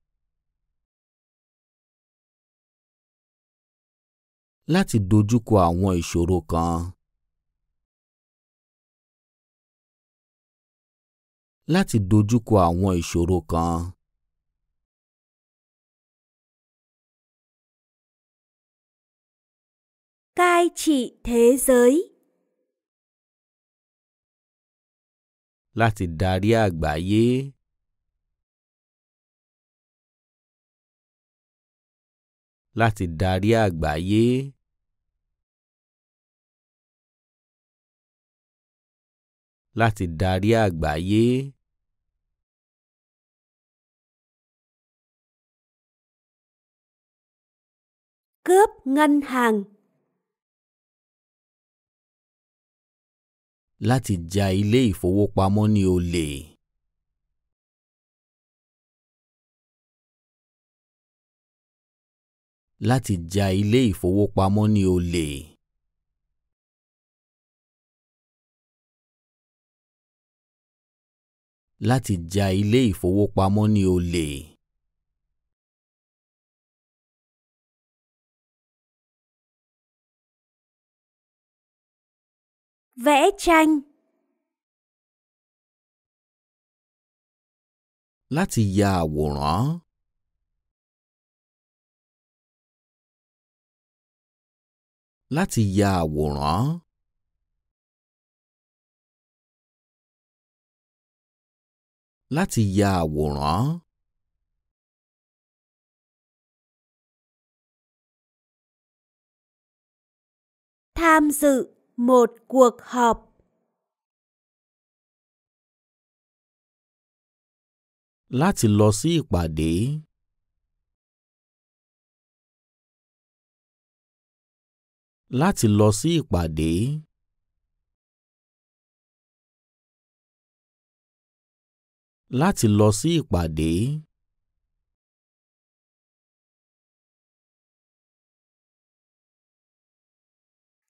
láti dojúkọ àwọn ìṣòro kan. láti dojúkọ àwọn ìṣòro kan. cai trị thế giới. Láti darí àgbáyé. Láti darí àgbáyé. láti darí àgbáyé. cướp ngân hàng láti ja ilé ìfowópamọ́ ní olè. láti ja ilé ìfowópamọ́ ní olè. láti ja ilé ìfowópamọ́ ní olè. Vẽ tranh Láti ya àwòrán. Láti ya àwòrán. láti ya àwòrán. Tham dự một cuộc họp. Láti lọ sí ìpàdé. Láti lọ sí ìpàdé. láti lọ sí ìpàdé.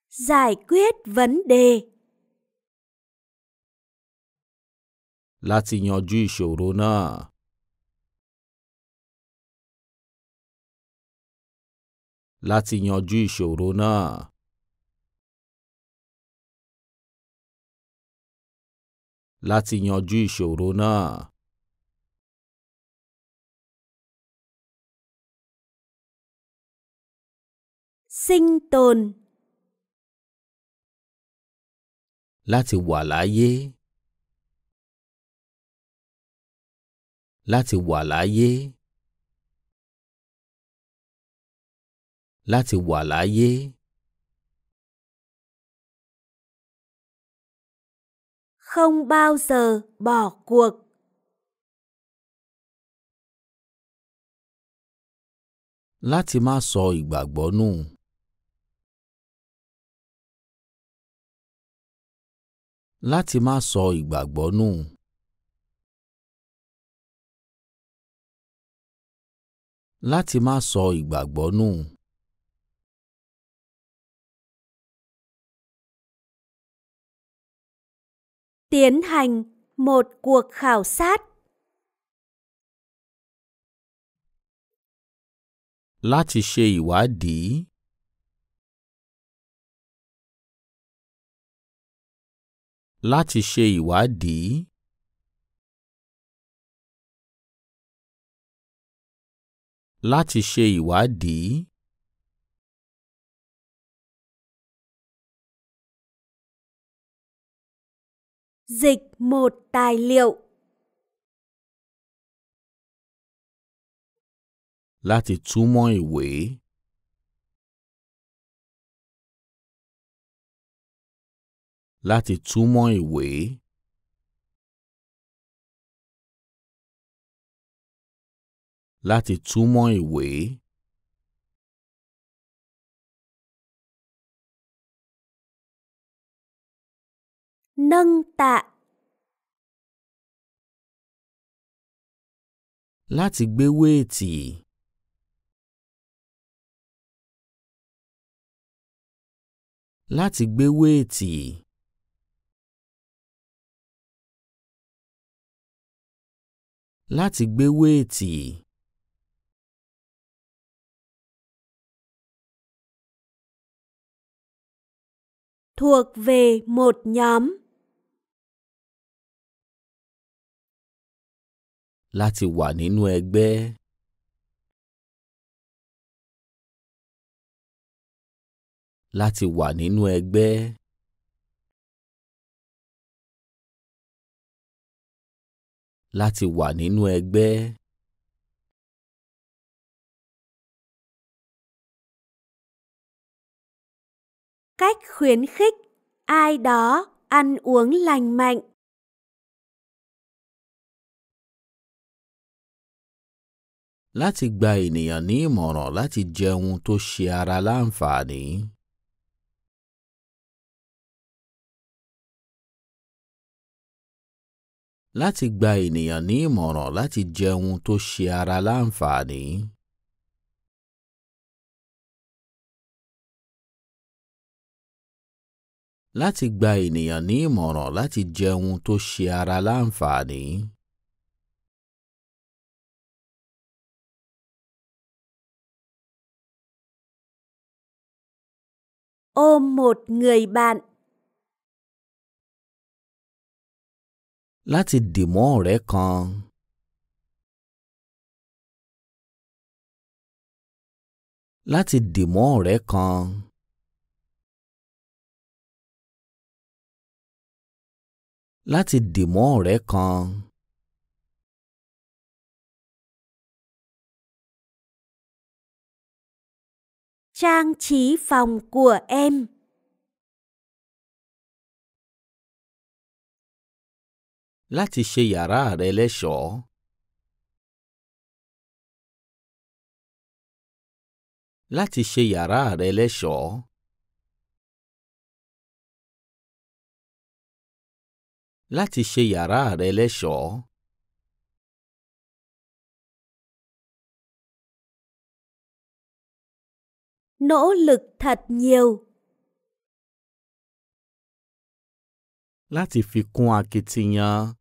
Giải quyết vấn đề. Láti yanjú ìṣòro náà. Láti yanjú ìṣòro náà. láti yanjú ìṣòro náà. Sinh tồn Láti wà láyé Láti wà láyé Láti wà láyé. không bao giờ bỏ cuộc. Láti má sọ ìgbàgbọ́ nù. Láti má sọ ìgbàgbọ́ nù. Láti má sọ ìgbàgbọ́ nù. tiến hành một cuộc khảo sát. Láti ṣe ìwádìí. Láti ṣe ìwádìí. Láti ṣe ìwádìí. Dịch một tài liệu. Láti túmọ̀ ìwé. Láti túmọ̀ ìwé. Láti túmọ̀ ìwé. nâng tạ láti gbé wéètì láti gbé wéètì láti gbé wéètì thuộc về một nhóm láti wà nínú ẹgbẹ́. láti wà nínú ẹgbẹ́. láti wà nínú ẹgbẹ́. Cách khuyến khích ai đó ăn uống lành mạnh. láti gba ènìyàn ní ìmọ̀ràn láti jẹun tó ṣe ara láǹfààní. láti gba ènìyàn ní ìmọ̀ràn láti jẹun tó ṣe ara láǹfààní. láti gba ènìyàn ní ìmọ̀ràn láti jẹun tó ṣe ara láǹfààní. ôm một người bạn. Láti dì mọ́ ọ̀rẹ́ kan. Láti dì mọ́ ọ̀rẹ́ kan. Láti dì ọ̀rẹ́ kan. trang trí phòng của em láti ṣe yàrá rẹ lẹ́ṣọ̀ọ́. láti ṣe yàrá rẹ lẹ́ṣọ̀ọ́. láti ṣe yàrá rẹ lẹ́ṣọ̀ọ́. nỗ lực thật nhiều. Láti fi kún akitiyan.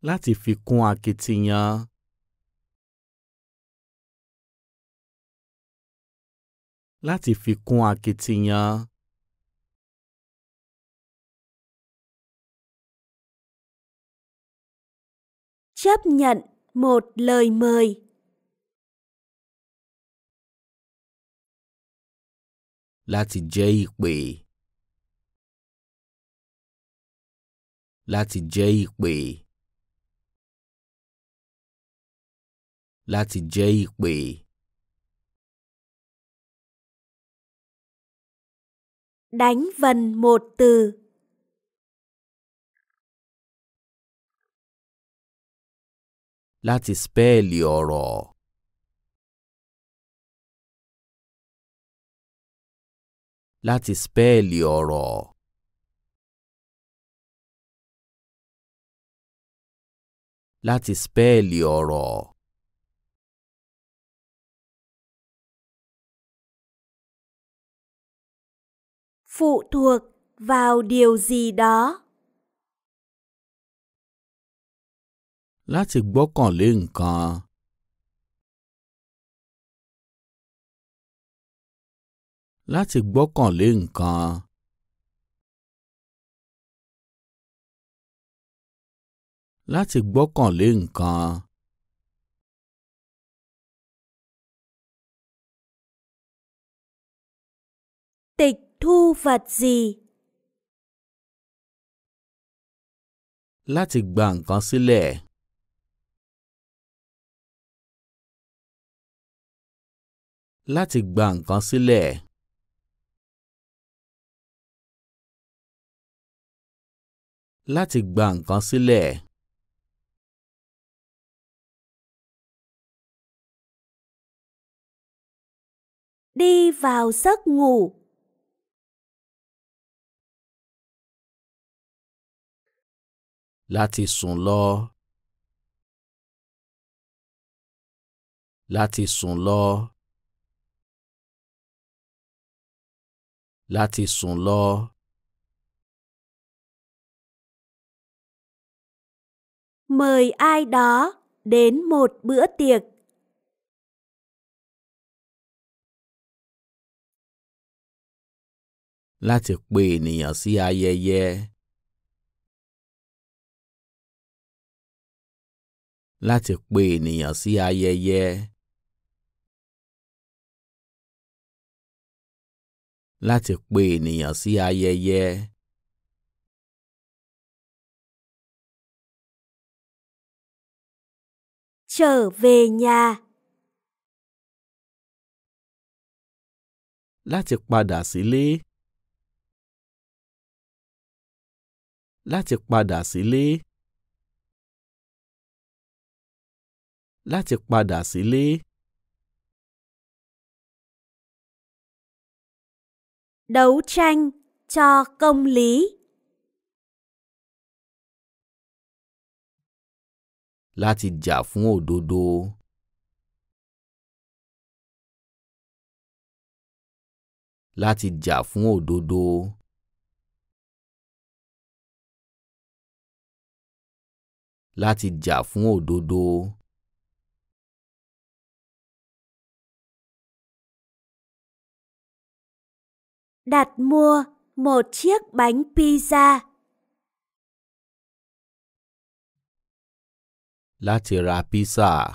Láti fi kún akitiyan. Láti fi kún akitiyan. Chấp nhận một lời mời Latin jẹ́ ìpè láti jẹ́ ìpè láti jẹ́ ìpè. đánh vần một từ láti spẹ́ẹ̀lì ọ̀rọ̀. láti spẹ́ẹ̀lì ọ̀rọ̀. láti spẹ́ẹ̀lì ọ̀rọ̀. phụ thuộc vào điều gì đó láti gbọ́kànlé nǹkan. láti gbọ́kànlé nǹkan. láti gbọ́kànlé nǹkan. tịch thu vật gì? láti gba nǹkan sílẹ̀. láti gba nǹkan sílẹ̀. láti gba nǹkan sílẹ̀. đi vào giấc ngủ láti sùn lọ láti sùn lọ láti sùn lọ. Mời ai đó đến một bữa tiệc. Láti pe ènìyàn sí ayẹyẹ. Láti pe ènìyàn sí ayẹyẹ. láti pe ènìyàn sí ayẹyẹ. Trở về nhà. Láti padà sílé. Láti padà sílé. Láti padà sílé. đấu tranh cho công lý. Láti jà fún òdodo. Láti jà fún òdodo. Láti jà fún òdodo. đặt mua một chiếc bánh pizza. La ra pizza.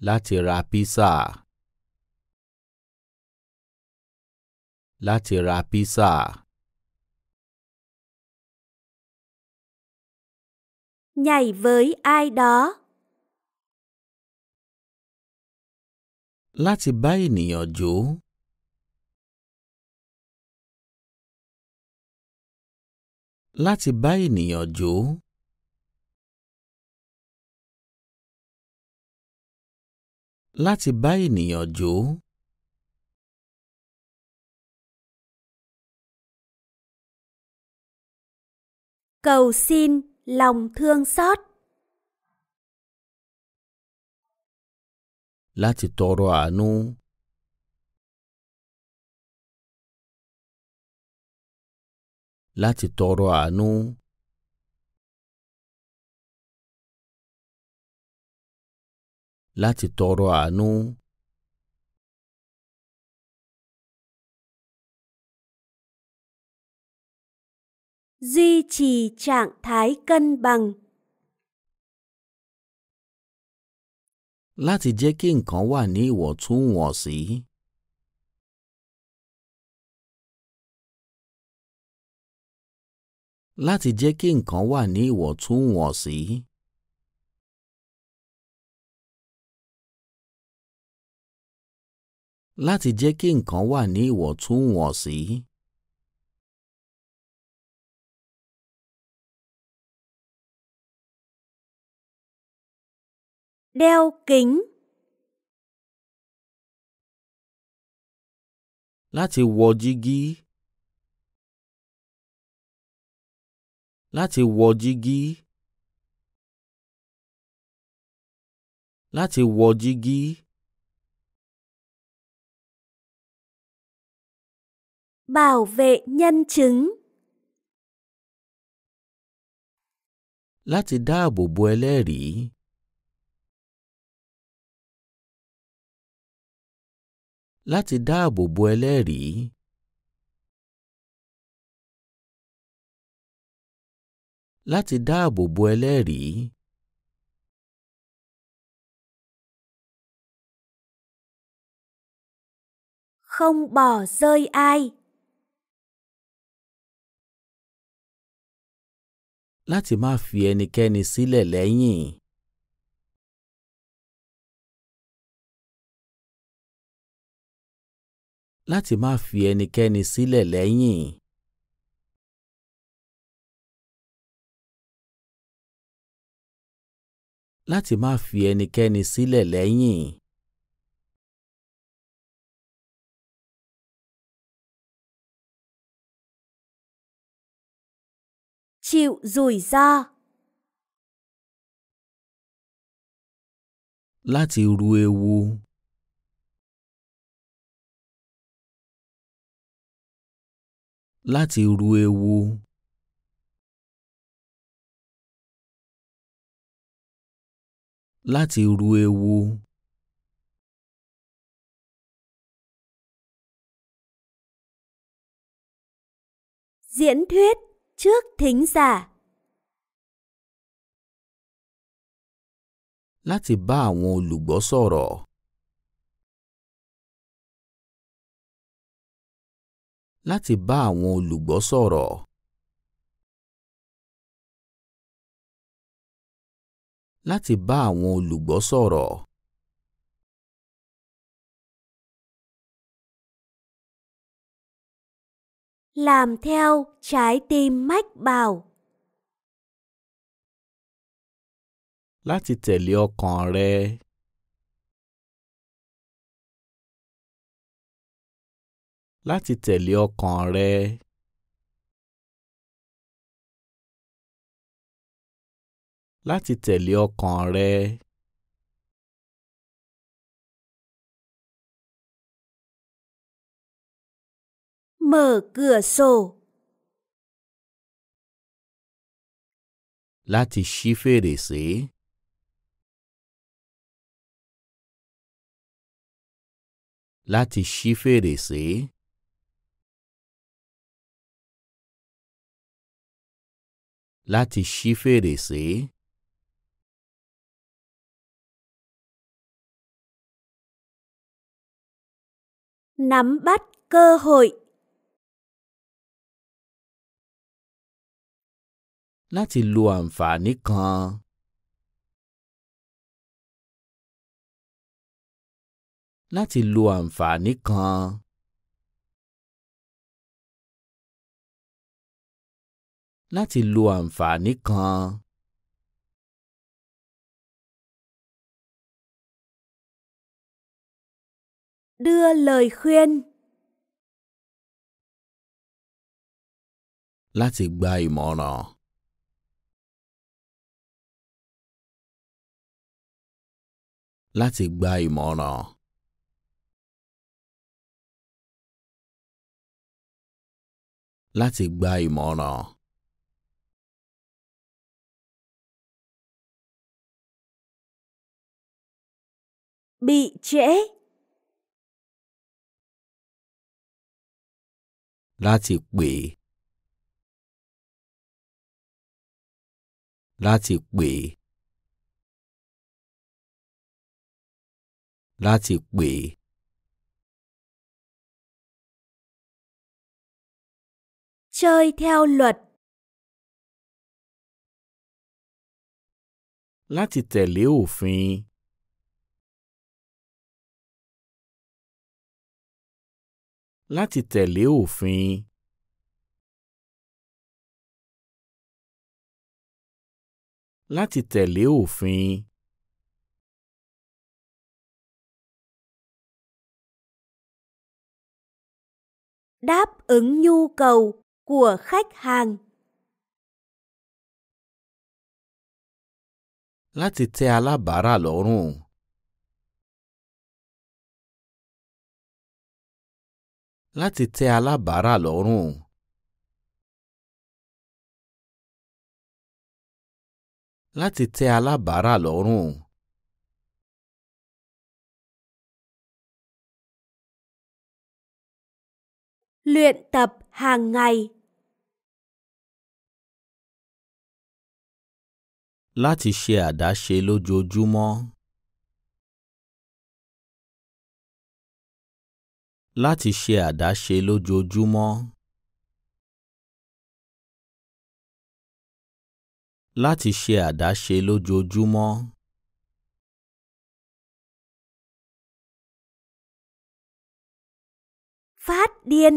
Láti ra pizza. Láti ra pizza. Nhảy với ai đó. láti bá ènìyàn jó. láti bá ènìyàn jó. láti bá ènìyàn jó. cầu xin lòng thương xót láti tọrọ àánú. láti tọrọ àánú. láti tọrọ àánú. Duy trì trạng thái cân bằng láti jẹ́ kí nǹkan wà ní ìwọ̀ntúnwọ̀nsí. láti jẹ́ kí nǹkan wà ní ìwọ̀ntúnwọ̀nsí. láti jẹ́ kí nǹkan wà ní ìwọ̀ntúnwọ̀nsí. đeo kính. láti wọ jígí. láti wọ jígí. láti wọ jígí. bảo vệ nhân chứng. láti dáàbò bo ẹlẹ́rìí. láti dáàbò bo ẹlẹ́rìí. láti dáàbò bo ẹlẹ́rìí. không bỏ rơi ai. Láti má fi ẹnikẹ́ni sílẹ̀ lẹ́yìn. láti má fi ẹnikẹ́ni sílẹ̀ lẹ́yìn. láti má fi ẹnikẹ́ni sílẹ̀ lẹ́yìn. chịu rủi ro. láti ru ewu. láti ru ewu. láti ru ewu. Diễn thuyết trước thính giả. Láti bá àwọn olùgbọ́ sọ̀rọ̀. láti bá àwọn olùgbọ́ sọ̀rọ̀. láti bá àwọn olùgbọ́ sọ̀rọ̀. Làm theo trái tim mách bảo. Láti tẹ̀lé ọkàn rẹ. láti tẹ̀lé ọkàn rẹ. láti tẹ̀lé ọkàn rẹ. mở cửa sổ. láti ṣí fèrèsé. láti ṣí fèrèsé. láti ṣí fèrèsé. Nắm bắt cơ hội. Láti lo àǹfààní kan. Láti lo àǹfààní kan. láti lo àǹfààní kan. Đưa lời khuyên Láti gba ìmọ̀ràn. Láti gba ìmọ̀ràn. Láti gba ìmọ̀ràn. bị trễ. Là chữ bị. Là chữ bị. Là chữ bị. Chơi theo luật. chỉ Láti tẹ̀lé òfin. láti tẹ̀lé òfin. láti tẹ̀lé òfin. Đáp ứng nhu cầu của khách hàng. Láti tẹ́ alábàárà lọ́rùn. láti tẹ́ alábàárà lọ́rùn. láti tẹ́ alábàárà lọ́rùn. Luyện tập hàng ngày. Láti ṣe àdáṣe lójoojúmọ́. láti ṣe àdáṣe lójoojúmọ́ láti ṣe àdáṣe lójoojúmọ́ phát điên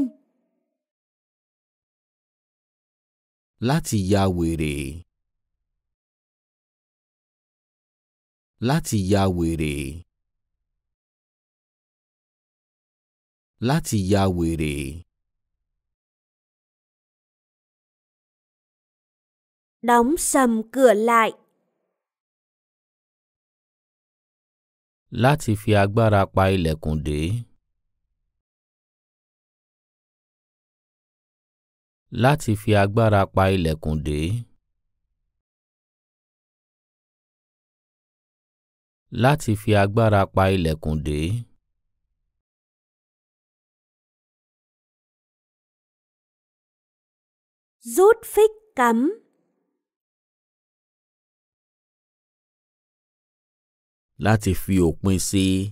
láti ya wèrè láti ya wèrè láti ya wèrè. Đóng sầm cửa lại. Láti fi agbára pa ilẹ̀kùn dé. Láti fi agbára pa ilẹ̀kùn dé. Láti fi agbára pa ilẹ̀kùn dé. Rút phích cắm. Láti fi òpin sí i.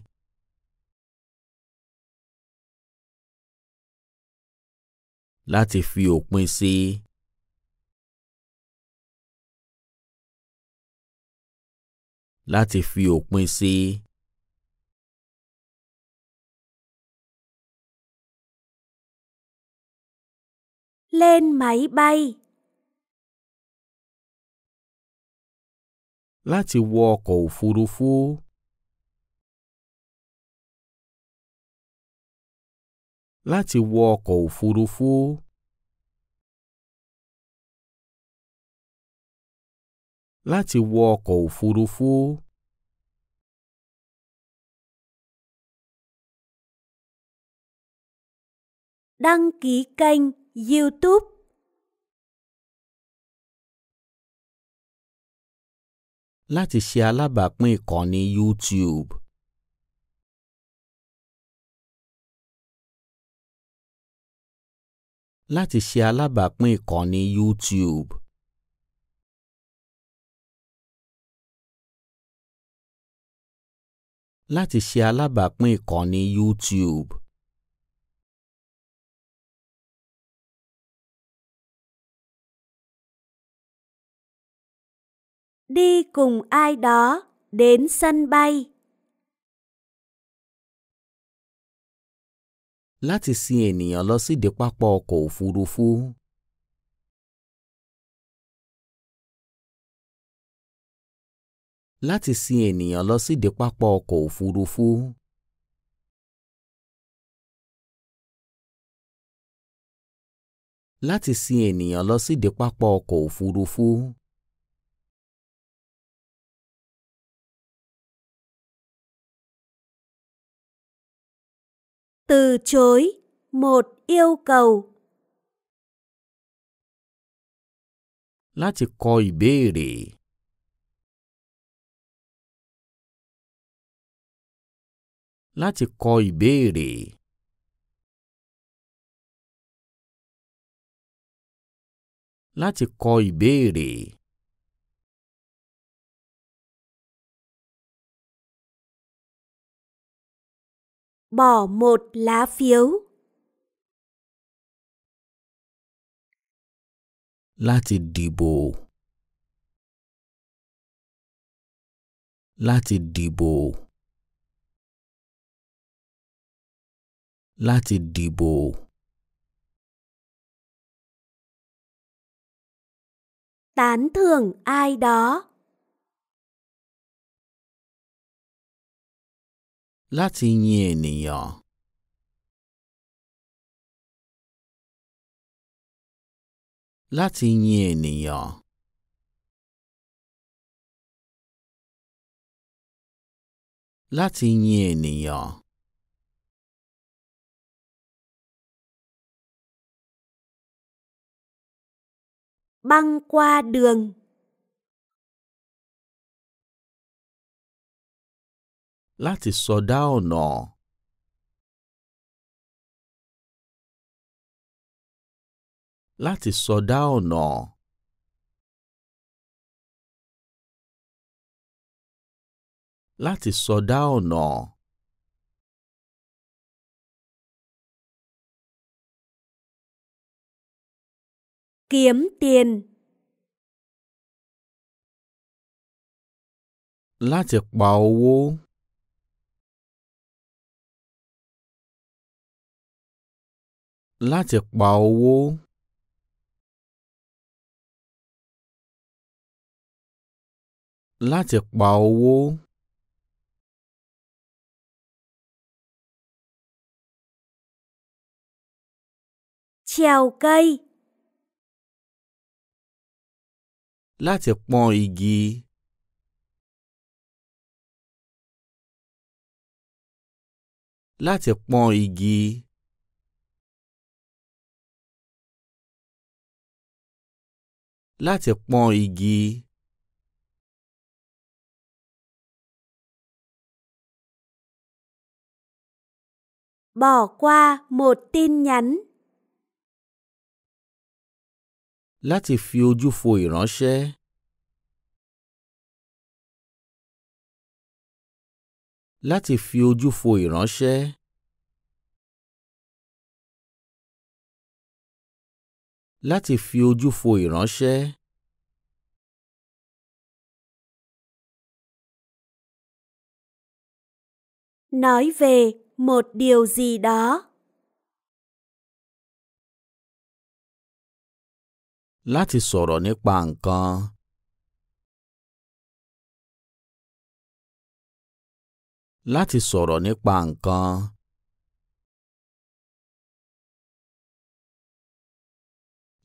Láti fi òpin sí i. Láti fi òpin sí lên máy bay. láti wọ ọkọ̀ òfurufú. láti wọ ọkọ̀ òfurufú. láti wọ ọkọ̀ òfurufú. đăng ký kênh YouTube láti ṣe alábàápín ìkànnì YouTube. láti ṣe alábàápín ìkànnì YouTube. láti ṣe alábàápín ìkànnì YouTube. đi cùng ai đó đến sân bay. Láti sin ènìyàn lọ sí ìdí pápá ọkọ̀ òfurufú. Láti sin ènìyàn lọ sí ìdí pápá ọkọ̀ òfurufú. Láti sin ènìyàn lọ sí ìdí ọkọ̀ òfurufú. từ chối một yêu cầu. Láti kọ ìbéèrè. Láti kọ ìbéèrè. Láti kọ ìbéèrè. bỏ một lá phiếu. Láti dìbò. Láti dìbò. Láti dìbò. Tán thưởng ai đó. láti yin ènìyàn. láti yin ènìyàn. láti yin ènìyàn. băng qua đường láti sọdá ọ̀nà. láti sọdá ọ̀nà. láti sọdá ọ̀nà. kiếm tiền. láti pa owó. lá chược bầu lá chược bầu vô. cây lá chược mò gì lá chược mò gì láti pọ́n igi. Bỏ qua một tin nhắn. Láti fi ojú fo ìránṣẹ́. Láti fi ojú fo ìránṣẹ́. láti fi ojú fo ìránṣẹ́. Nói về một điều gì đó. Láti sọ̀rọ̀ nípa nǹkan. Láti sọ̀rọ̀ nípa nǹkan.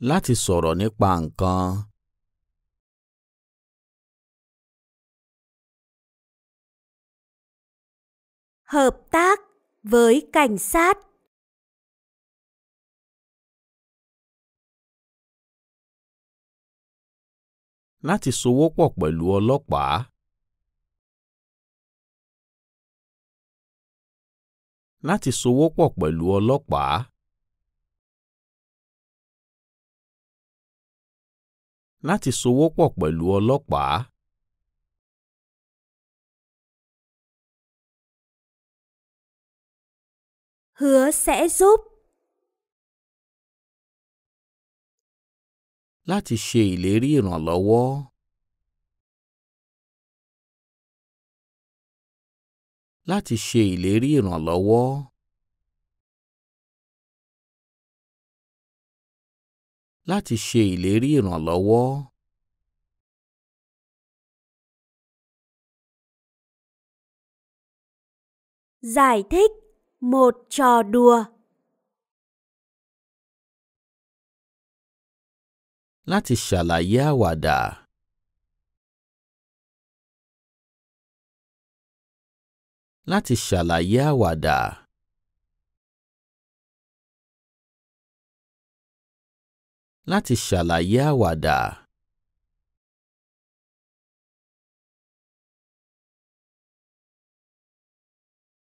láti sọ̀rọ̀ nípa nǹkan. Hợp tác với cảnh sát Láti sowọ́pọ̀ pẹ̀lú ọlọ́pàá. Láti sowọ́pọ̀ pẹ̀lú ọlọ́pàá. láti sowọ́pọ̀ pẹ̀lú ọlọ́pàá. Hứa sẽ giúp. Láti ṣe ìlérí ìrànlọ́wọ́. Láti ṣe ìlérí ìrànlọ́wọ́. láti ṣe ìlérí ìrànlọ́wọ́. Giải thích một trò đùa. Láti ṣàlàyé àwàdà. Láti ṣàlàyé àwàdà. láti ṣàlàyé àwàdà.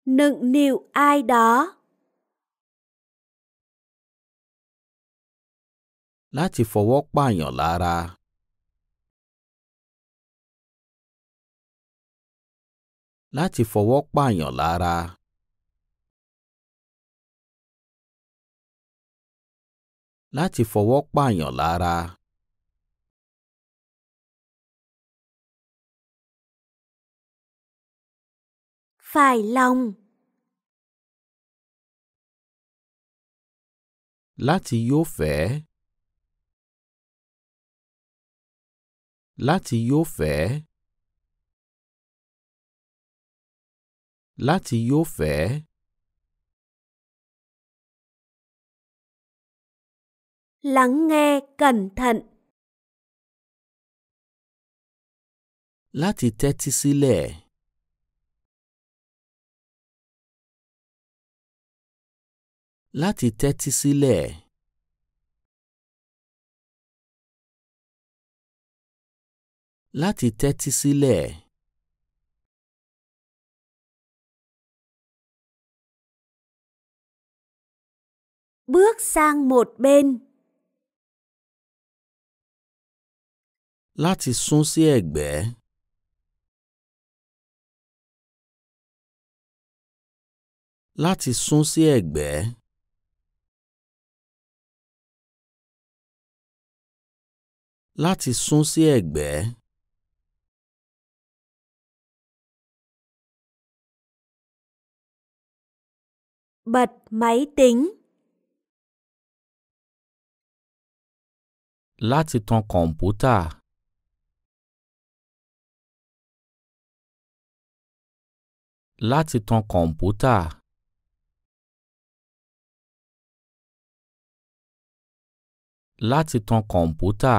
Nựng nịu ai đó. Láti fọwọ́ pààyàn lára. Láti fọwọ́ pààyàn lára. láti fọwọ́ pààyàn lára. Phải lòng. Láti yóò fẹ́. Láti yóò fẹ́. Láti yóò fẹ́. lắng nghe cẩn thận. Láti tẹ́tí sílẹ̀. Láti tẹ́tí sílẹ̀. Láti tẹ́tí sílẹ̀. Bước sang một bên. láti sún sí ẹ̀gbẹ́. láti sún sí ẹ̀gbẹ́. láti sún sí ẹ̀gbẹ́. bật máy tính. láti tan kọ̀ǹpútà. láti tan kọ̀ǹpútà. láti tan kọ̀ǹpútà.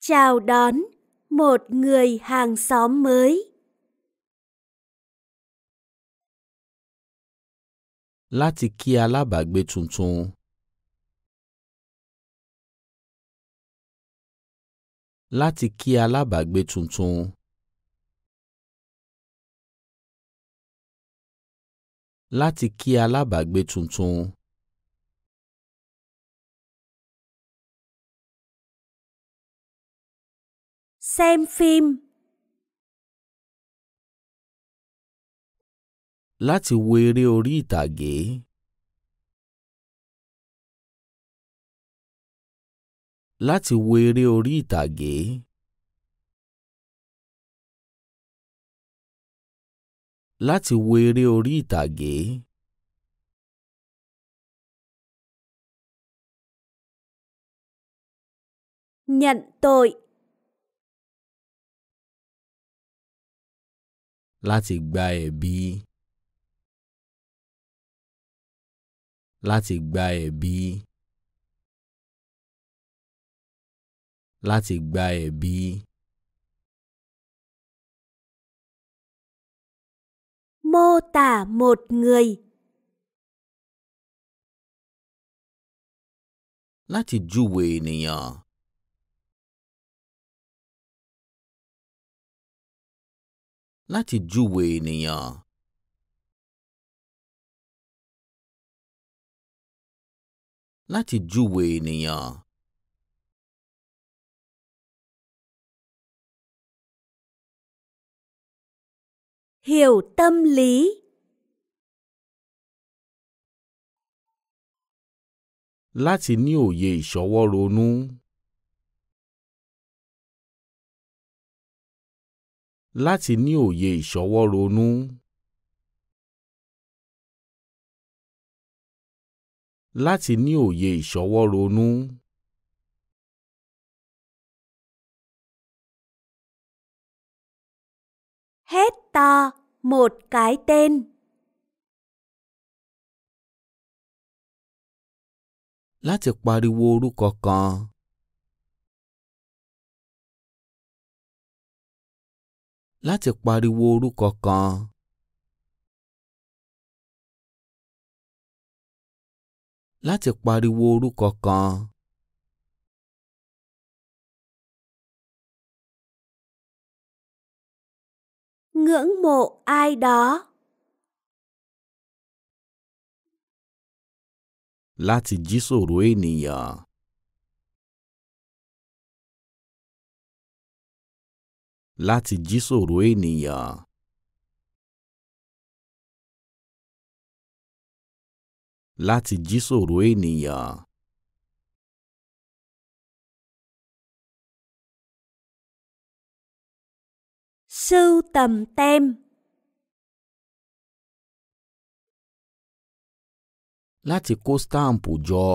chào đón một người hàng xóm mới. láti kí alábàágbé tuntun. láti kí alábàágbé tuntun láti kí alábàágbé tuntun. xem phim láti wo eré orí ìtàgé. láti wo eré orí ìtàgé. láti wo eré orí ìtàgé. Nhận tội. Láti gba ẹ̀bi. Láti gba ẹ̀bi. láti gba ẹ̀bi. Mô tả một người Láti júwe ènìyàn. Láti júwe ènìyàn. Láti júwe ènìyàn. hiểu tâm lý láti ní òye ìṣọwọ́ ronú. láti ní òye ìṣọwọ́ ronú. láti ní òye ìṣọwọ́ ronú. hết to một cái tên. lá lá chè chè láti pariwo orúkọ kan. lá chè orúkọ kan. láti pariwo orúkọ kan. ngưỡng mộ ai đó. Láti jí sòrò ènìyàn. Láti jí sòrò ènìyàn. Láti jí sòrò sưu tầm tem. Láti kó stampu jọ.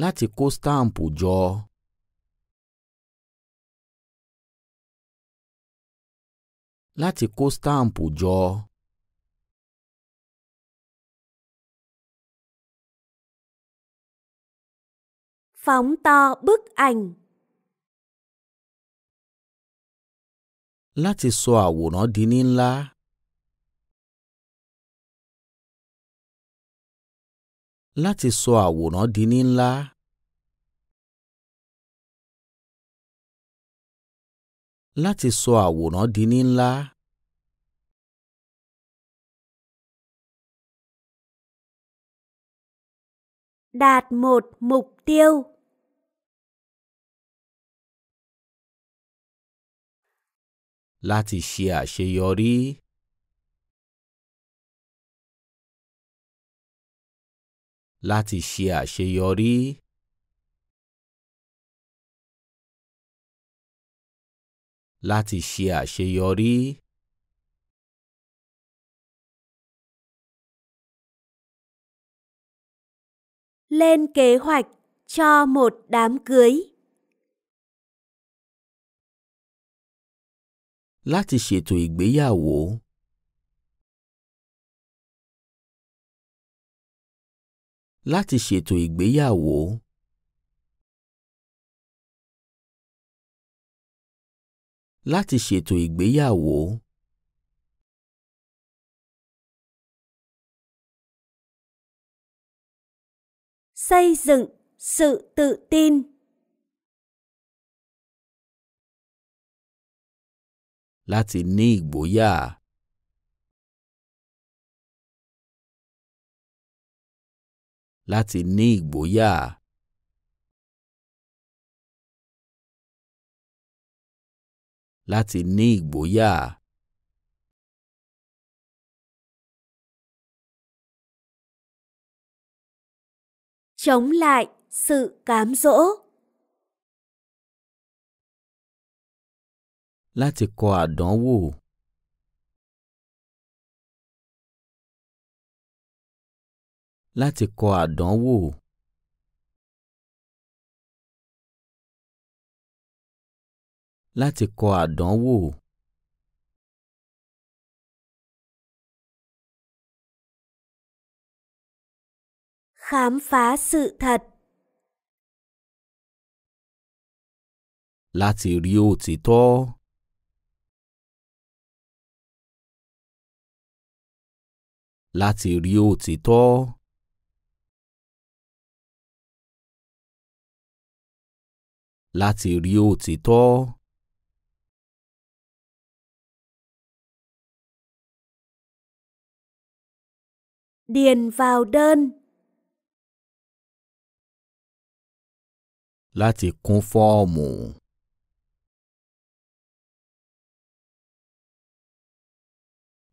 Láti kó stampu jọ. Láti kó stampu jọ. Phóng to bức ảnh. Láti sọ àwòrán di ní ńlá. Láti sọ àwòrán di ní ńlá. Láti sọ àwòrán di ní ńlá. Đạt một mục tiêu. láti ṣe àṣeyọrí. láti ṣe àṣeyọrí. láti ṣe àṣeyọrí. Lên kế hoạch cho một đám cưới. láti ṣètò ìgbéyàwó. láti ṣètò ìgbéyàwó. láti ṣètò ìgbéyàwó. xây dựng sự tự tin láti ní ìgboyà. láti ní ìgboyà. láti ní ìgboyà. chống lại sự cám dỗ láti kọ àdánwò. láti kọ àdánwò. láti kọ àdánwò. khám phá sự thật. láti rí òtítọ́. láti rí òtítọ́. láti rí òtítọ́. điền vào đơn. Láti kún fọ́ọ̀mù.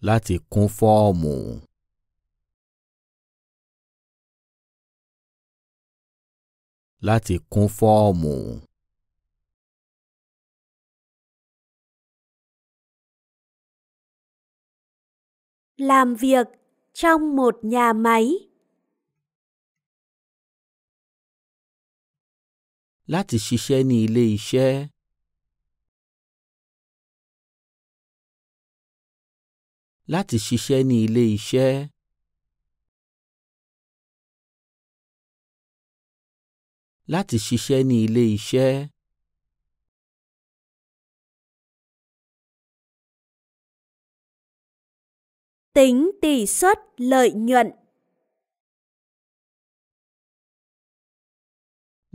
Láti kún fọ́ọ̀mù. láti kún fọ́ọ̀mù. Làm việc trong một nhà máy. Láti ṣiṣẹ́ ní ilé iṣẹ́. Láti ṣiṣẹ́ ní ilé iṣẹ́. láti ṣiṣẹ́ ní ilé iṣẹ́. Tính tỷ suất lợi nhuận.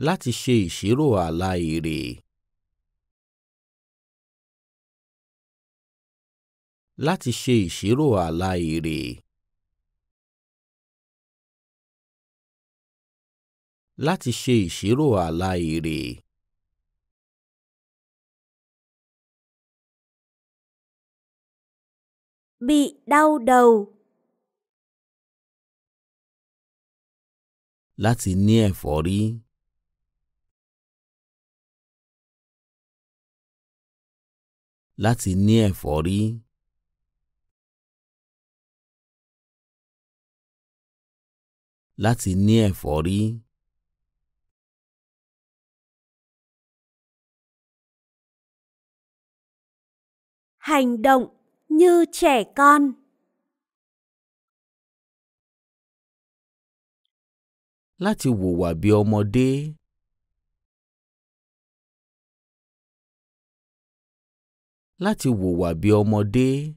Láti ṣe ìṣirò àlà èrè. Láti ṣe ìṣirò àlà èrè. láti ṣe ìṣírò àlà èrè. bị đau đầu láti ní ẹ̀fọ́rí. láti ní ẹ̀fọ́rí. láti ní ẹ̀fọ́rí. hành động như trẻ con láti hùwà bí ọmọdé. láti hùwà bí ọmọdé.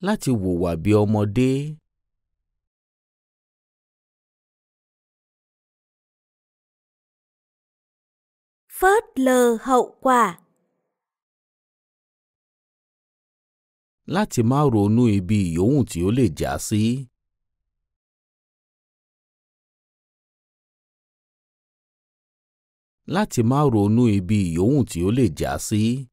láti hùwà bí ọmọdé. phớt lờ hậu quả. Láti máa ronú ibi ìyóhùn tí ó lè já sí. Láti máa ronú ibi ìyóhùn tí ó lè já sí.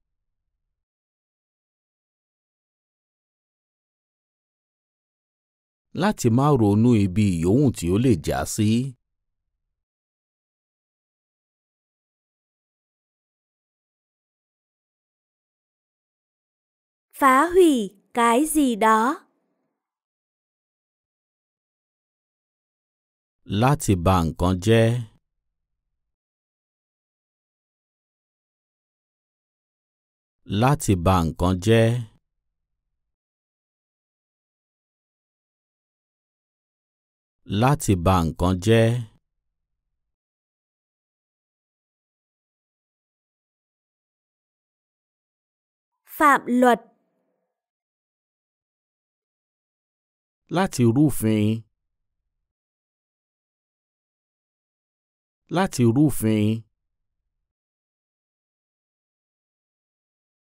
Láti máa ronú ibi ìyóhùn tí ó lè já sí. phá hủy cái gì đó. Láti bàn con jẹ, Láti bàn con jẹ, Láti bàn con jẹ, Phạm luật láti rúfin láti rúfin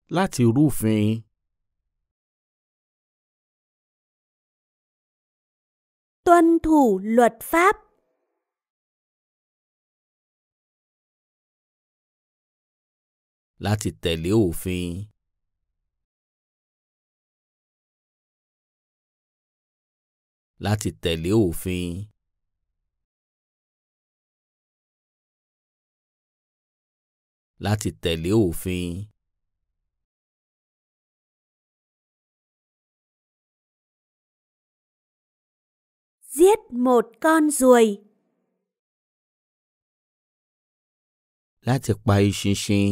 láti rúfin. tuân thủ luật pháp láti tẹ̀lé òfin láti tẹ̀lé òfin. láti tẹ̀lé òfin. Giết một con ruồi. Láti pa eṣinṣin.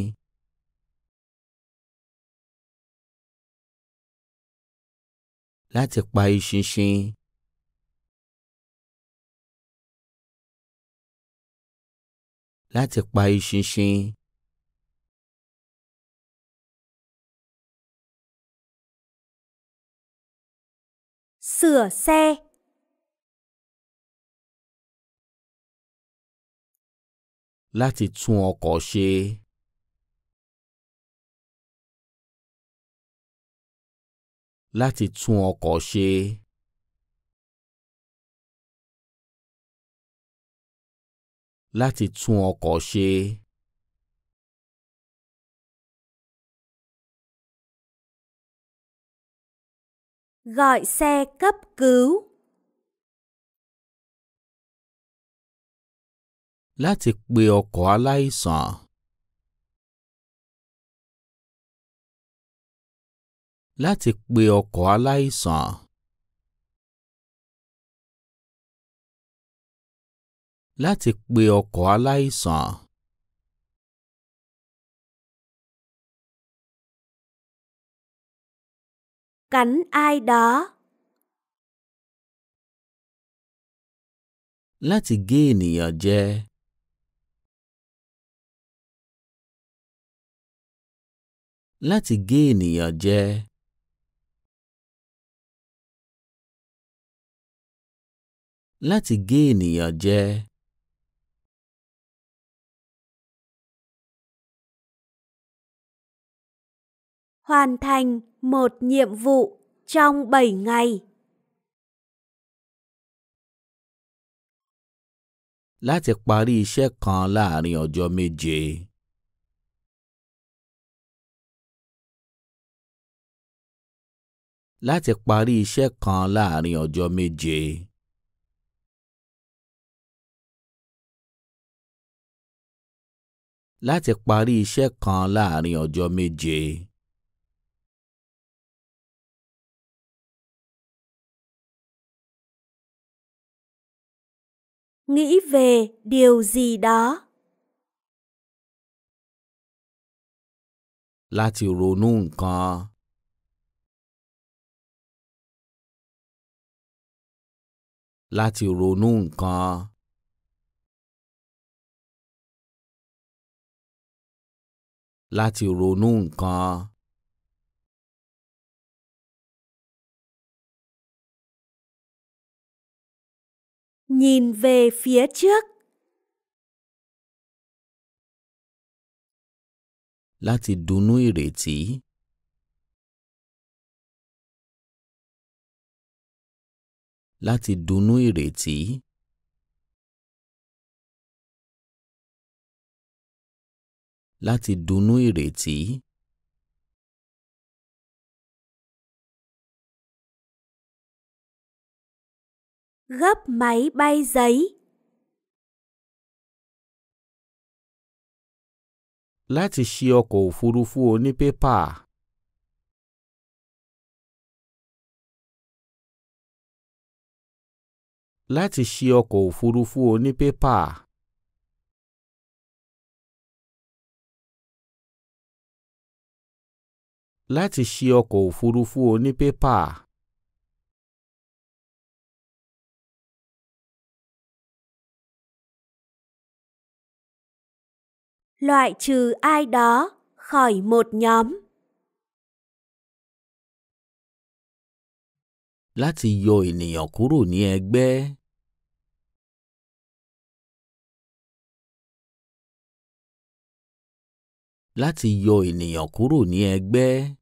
Láti pa eṣinṣin. láti pa eṣinṣin. Sửa xe Láti tún ọkọ̀ ṣe. Láti tún ọkọ̀ ṣe. láti tún ọkọ̀ ṣe. Gọi xe cấp cứu. Láti pe ọkọ̀ aláìsàn. Láti pe ọkọ̀ aláìsàn. láti pe ọkọ̀ aláìsàn. Cánh ai đó. Láti gé ènìyàn jẹ. Láti gé ènìyàn jẹ. Láti gé ènìyàn jẹ. hoàn thành một nhiệm vụ trong 7 ngày. Láti parí iṣẹ́ kan láàárín ọjọ́ méje. Láti parí iṣẹ́ kan láàárín ọjọ́ méje. Láti parí iṣẹ́ kan láàárín ọjọ́ méje. nghĩ về điều gì đó. Láti ronú nǹkan. Láti ronú nǹkan. Láti ronú nǹkan. nhìn về phía trước. Lati dunnú ìrètí. Lati dunnú ìrètí. Lati dunnú ìrètí. gấp máy bay giấy. Láti ṣe ọkọ̀ òfurufú oní pépà. Láti ṣe ọkọ̀ òfurufú oní pépà. Láti ṣe ọkọ̀ òfurufú oní pépà. loại trừ ai đó khỏi một nhóm. Láti yọ ènìyàn kúrò ní ẹgbẹ́. Láti yọ ènìyàn kúrò ní ẹgbẹ́.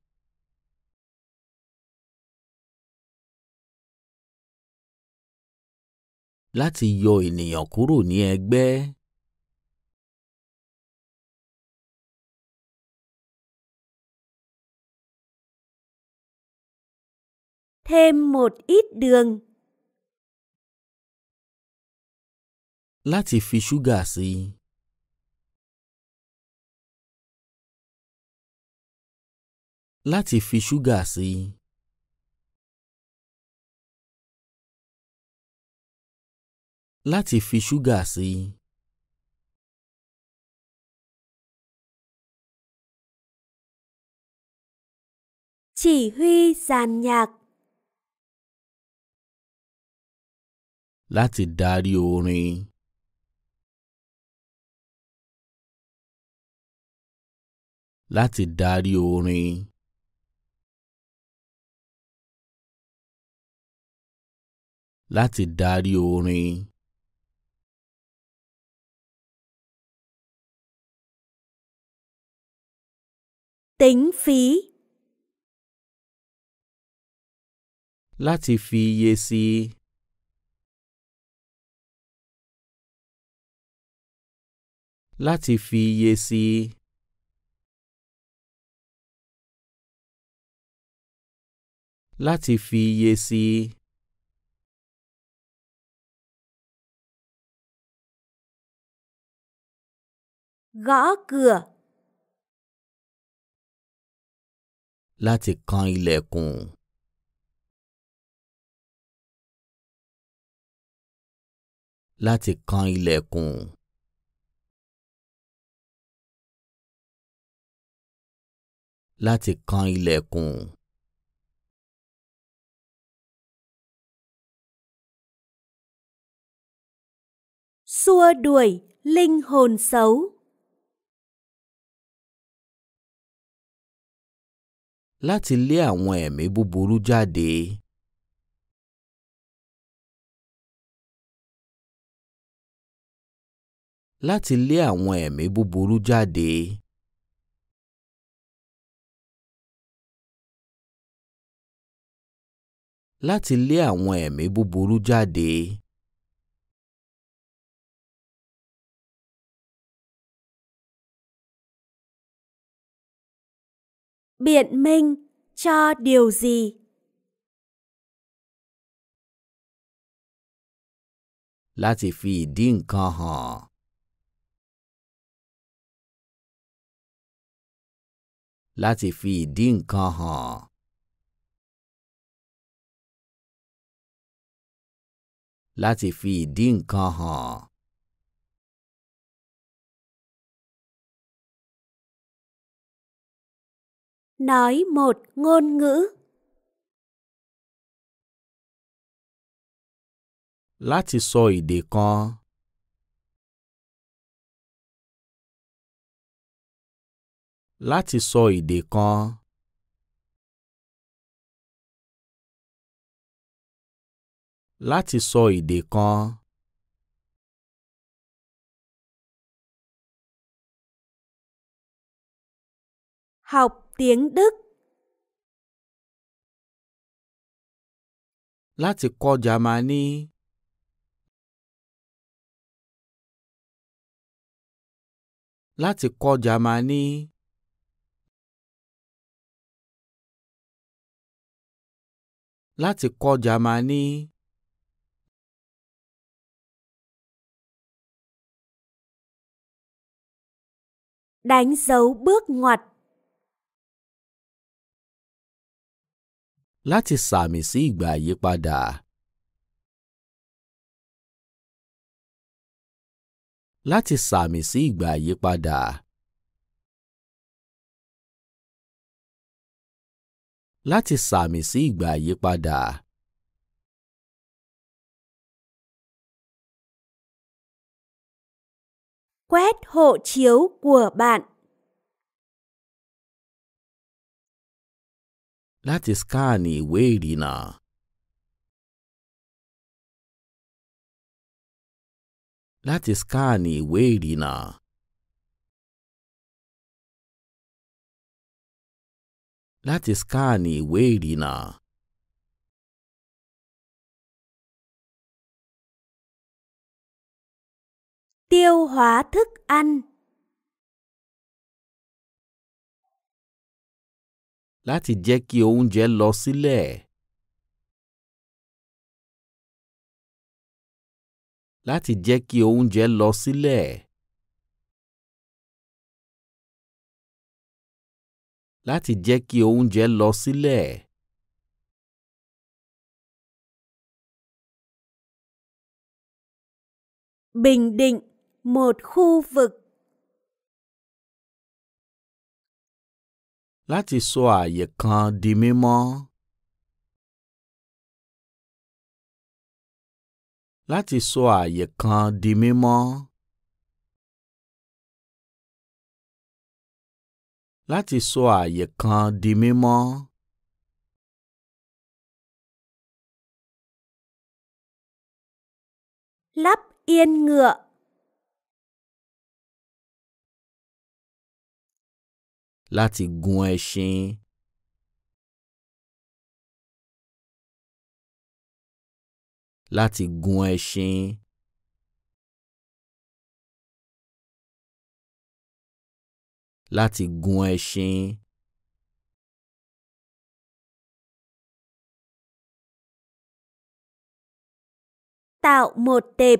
Láti yọ ènìyàn kúrò ní ẹgbẹ́. thêm một ít đường. Láti fi ṣúgà sí. Láti fi ṣúgà sí. Láti fi ṣúgà si. Chỉ huy giàn nhạc láti darí orin. láti darí orin. láti darí orin. tính phí láti fi iye sí i. láti fi iye sí i. láti fi iye sí i. gõ cửa. láti kan ilẹ̀kùn. láti kan ilẹ̀kùn. láti kan ilẹ̀kùn. Xua đuổi linh hồn xấu. Láti lé àwọn ẹ̀mí búburú jáde. Láti lé àwọn ẹ̀mí búburú jáde. láti lé àwọn ẹ̀mí búburú jáde. Biện minh cho điều gì? Láti fi ìdí nǹkan hàn. Láti fi ìdí nǹkan hàn. láti fi ìdí nǹkan hàn. Nói một ngôn ngữ. Láti sọ èdè kan. Láti sọ èdè kan. láti sọ èdè kan. Học tiếng Đức Láti kọ́ Jámánì. Láti kọ́ Jámánì. Láti kọ́ Jámánì. đánh dấu bước ngoặt. Láti sàmì sí ìgbà àyípadà. Láti sàmì sí ìgbà àyípadà. Láti sàmì sí ìgbà àyípadà. quét hộ chiếu của bạn. láti skáàni ìwé ìrìnnà. láti skáàni ìwé ìrìnnà. láti skáàni ìwé ìrìnnà. tiêu hóa thức ăn. Láti jẹ́ kí oúnjẹ lọ sílẹ̀. Láti jẹ́ kí oúnjẹ lọ sílẹ̀. Láti jẹ́ kí oúnjẹ lọ sílẹ̀. Bình Định một khu vực. Láti sọ àyè kan di mímọ́. Láti sọ àyè kan di mímọ́. Láti sọ àyè kan di mímọ́. Lắp yên ngựa láti gun ẹṣin. láti gun ẹṣin. láti gun ẹṣin. Tạo một tệp.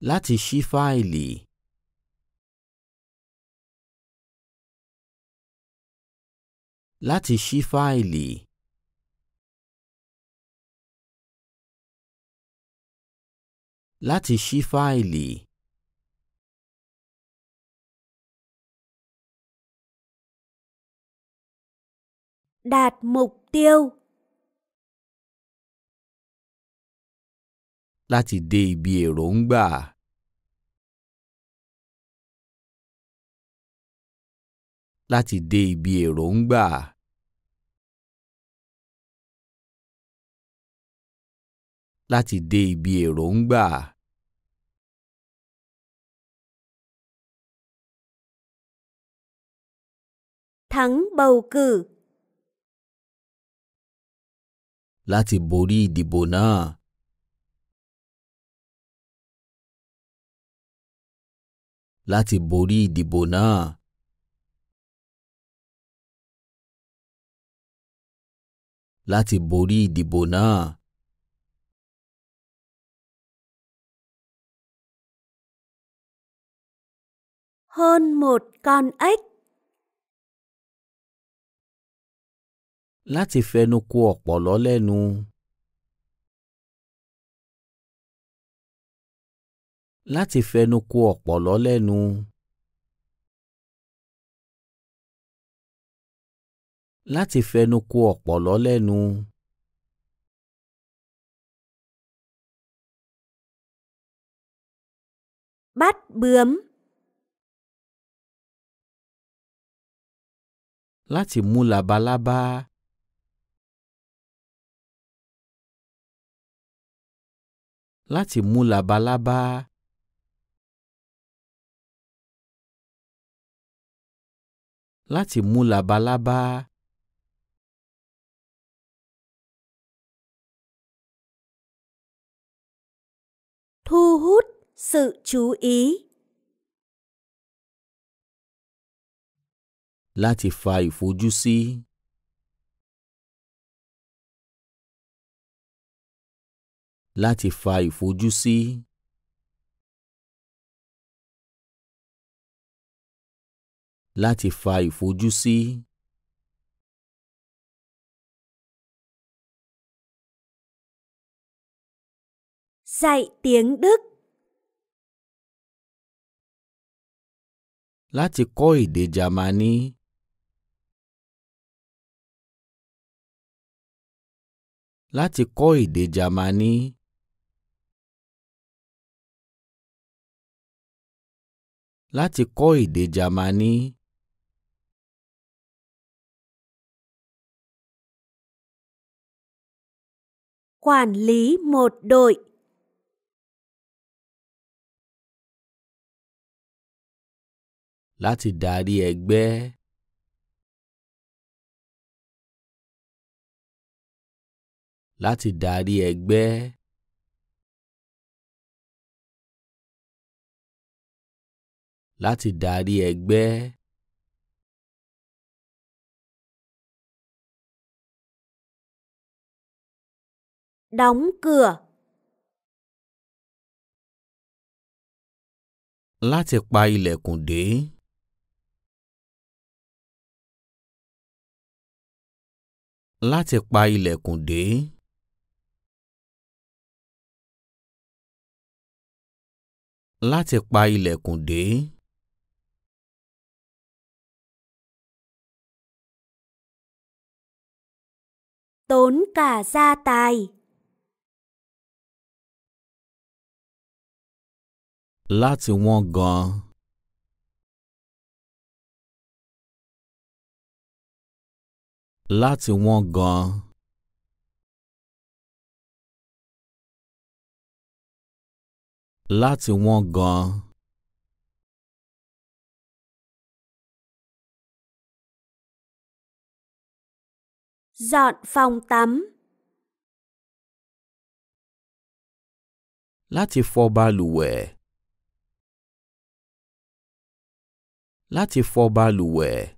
Láti ṣí fáìlì. láti ṣí fáìlì. láti ṣí fáìlì. đạt mục tiêu. láti dé ibi èròǹgbà. láti dé ibi èròǹgbà. láti dé ibi èròǹgbà. Thắng bầu cử Láti borí ìdìbò náà. Láti borí ìdìbò náà. Láti borí ìdìbò náà. hơn một con ếch. Láti fẹnu kò lọ lẹ́nu. Láti fẹnu kò ọ̀pọ̀lọ́ lẹ́nu. Láti fẹnu kò ọ̀pọ̀lọ́ lẹ́nu. Bắt bướm láti mú labalábá. láti mú labalábá. láti mú labalábá. thu hút sự chú ý láti fa ìfojúsí. láti fa ìfojúsí. láti fa ìfojúsí. dạy tiếng Đức. Láti kọ́ èdè Jàmánì. láti kọ́ èdè Jámánì. láti kọ́ èdè Jámánì. Quản lý một đội Láti darí ẹgbẹ́ láti darí ẹgbẹ́. láti darí ẹgbẹ́. Đóng cửa. Láti pa ilẹ̀kùn dé. Láti pa ilẹ̀kùn dé. láti pa ilẹ̀kùn dé. Tốn cả gia tài. Láti wọ́n gan-an. Láti wọ́n gan-an. láti wọ́n gan-an. Dọn phòng tắm. Láti fọ balùwẹ̀. Láti fọ balùwẹ̀.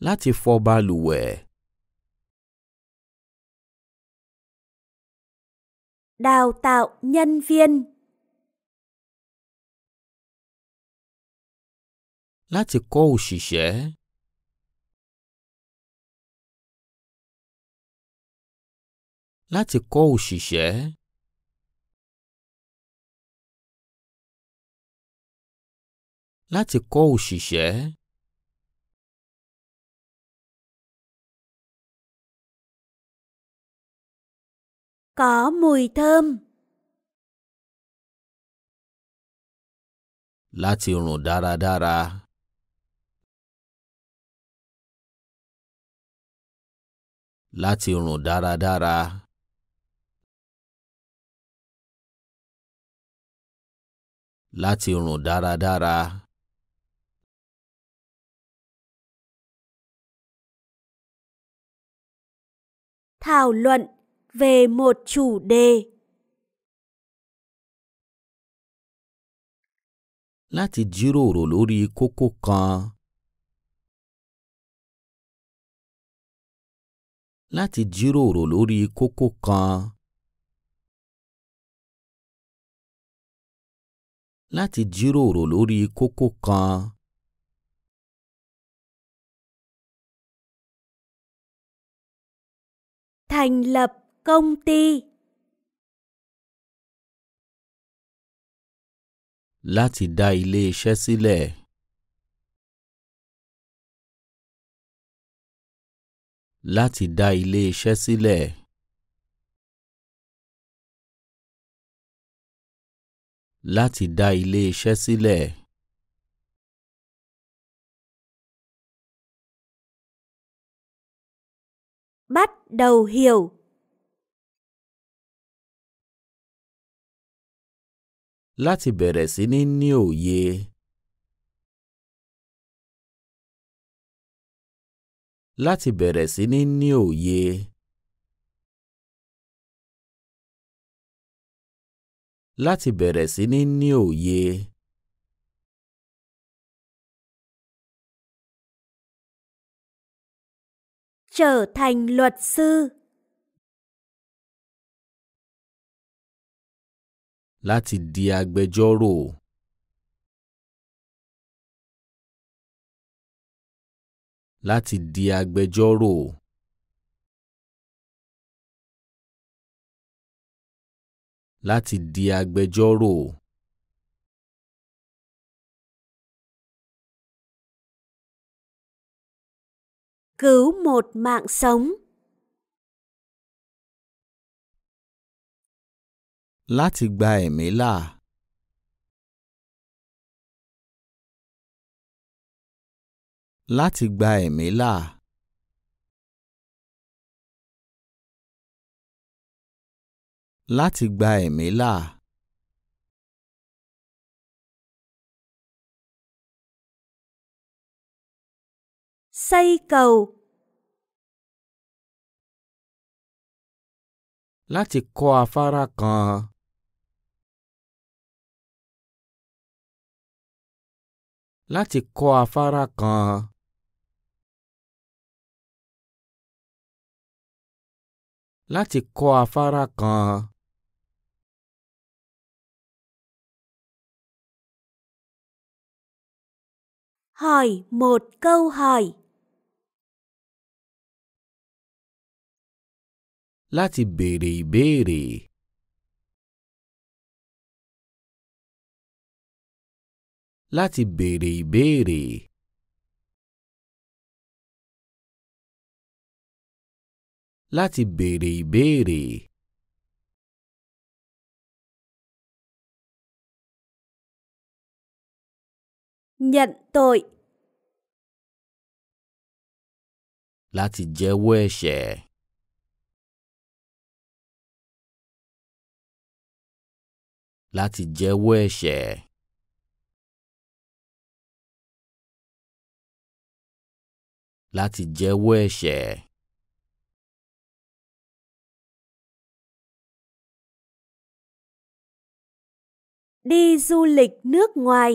Láti fọ balùwẹ̀. đào tạo nhân viên. cô láti kọ́ òṣìṣẹ́. láti kọ́ òṣìṣẹ́. láti kọ́ sẽ. có mùi thơm. Láti rùn dáradára. Láti rùn dáradára. Láti rùn dáradára. Thảo luận về một chủ đề. Láti jíròrò lórí kókó kan. Láti jíròrò lórí kókó kan. Láti jíròrò lórí kókó kan. thành lập công ty láti dá ilé iṣẹ́ sílẹ̀. láti dá ilé iṣẹ́ sílẹ̀. láti dá ilé iṣẹ́ sílẹ̀. bắt đầu hiểu láti bẹ̀rẹ̀ sí ní ní òye. láti bẹ̀rẹ̀ sí ní ní òye. láti bẹ̀rẹ̀ sí ní ní òye. trở thành luật sư láti di agbẹjọ́rò. láti di agbẹjọ́rò. láti di agbẹjọ́rò. Cứu một mạng sống. láti gba ẹ̀mí là. láti gba ẹ̀mí là. láti gba ẹ̀mí là. xây cầu láti kọ́ afárá kan láti kọ́ afárá kan. láti kọ́ afárá kan. Hỏi một câu hỏi. Láti béèrè ìbéèrè. láti béèrè ìbéèrè. láti béèrè ìbéèrè. Nhận tội. Láti jẹ́wọ́ ẹ̀ṣẹ̀. Láti jẹ́wọ́ ẹ̀ṣẹ̀. láti jẹ́wọ́ ẹ̀ṣẹ̀. Đi du lịch nước ngoài.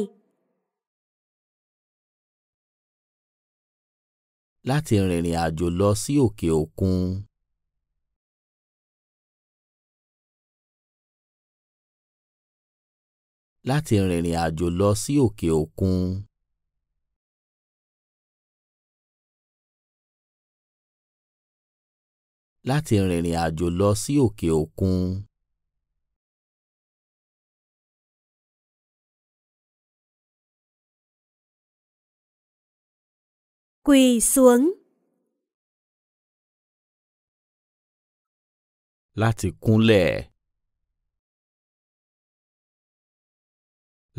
Láti rìnrìn àjò lọ sí òkè òkun. Láti rìnrìn àjò lọ sí òkè òkun. láti rìnrìn àjò lọ sí òkè òkun. Quỳ xuống. Láti kúnlẹ̀.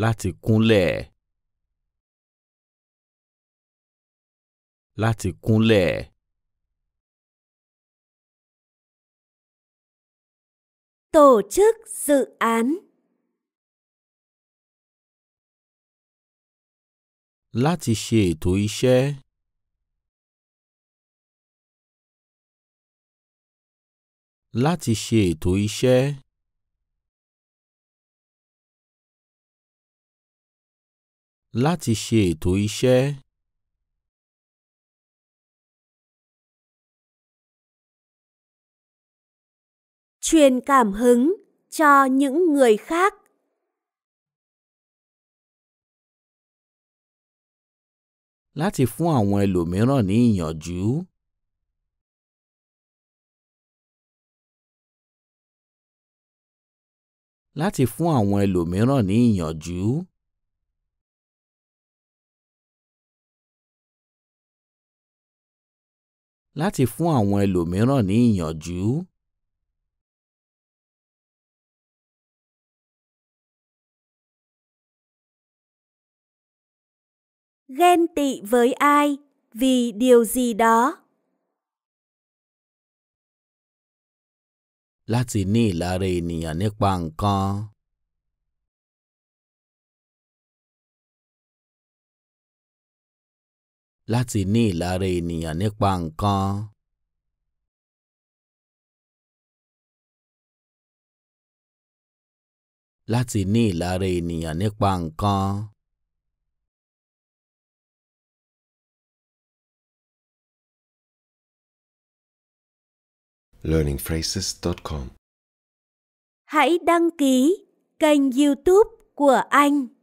Láti kúnlẹ̀. Láti kúnlẹ̀. tổ chức dự án láti ṣe ètò iṣẹ́ láti ṣe ètò láti ṣe ètò truyền cảm hứng cho những người khác láti fún àwọn ẹlòmíràn ní ìyànjú. láti fún àwọn ẹlòmíràn ní ìyànjú. láti fún àwọn ẹlòmíràn ní ìyànjú. ghen tị với ai vì điều gì đó. Láti ní ìlara ènìyàn nípa nǹkan. Láti ní ìlara ènìyàn nípa nǹkan. Láti ní ìlara ènìyàn nípa nǹkan. learningphrases.com. Hãy đăng ký kênh YouTube của anh.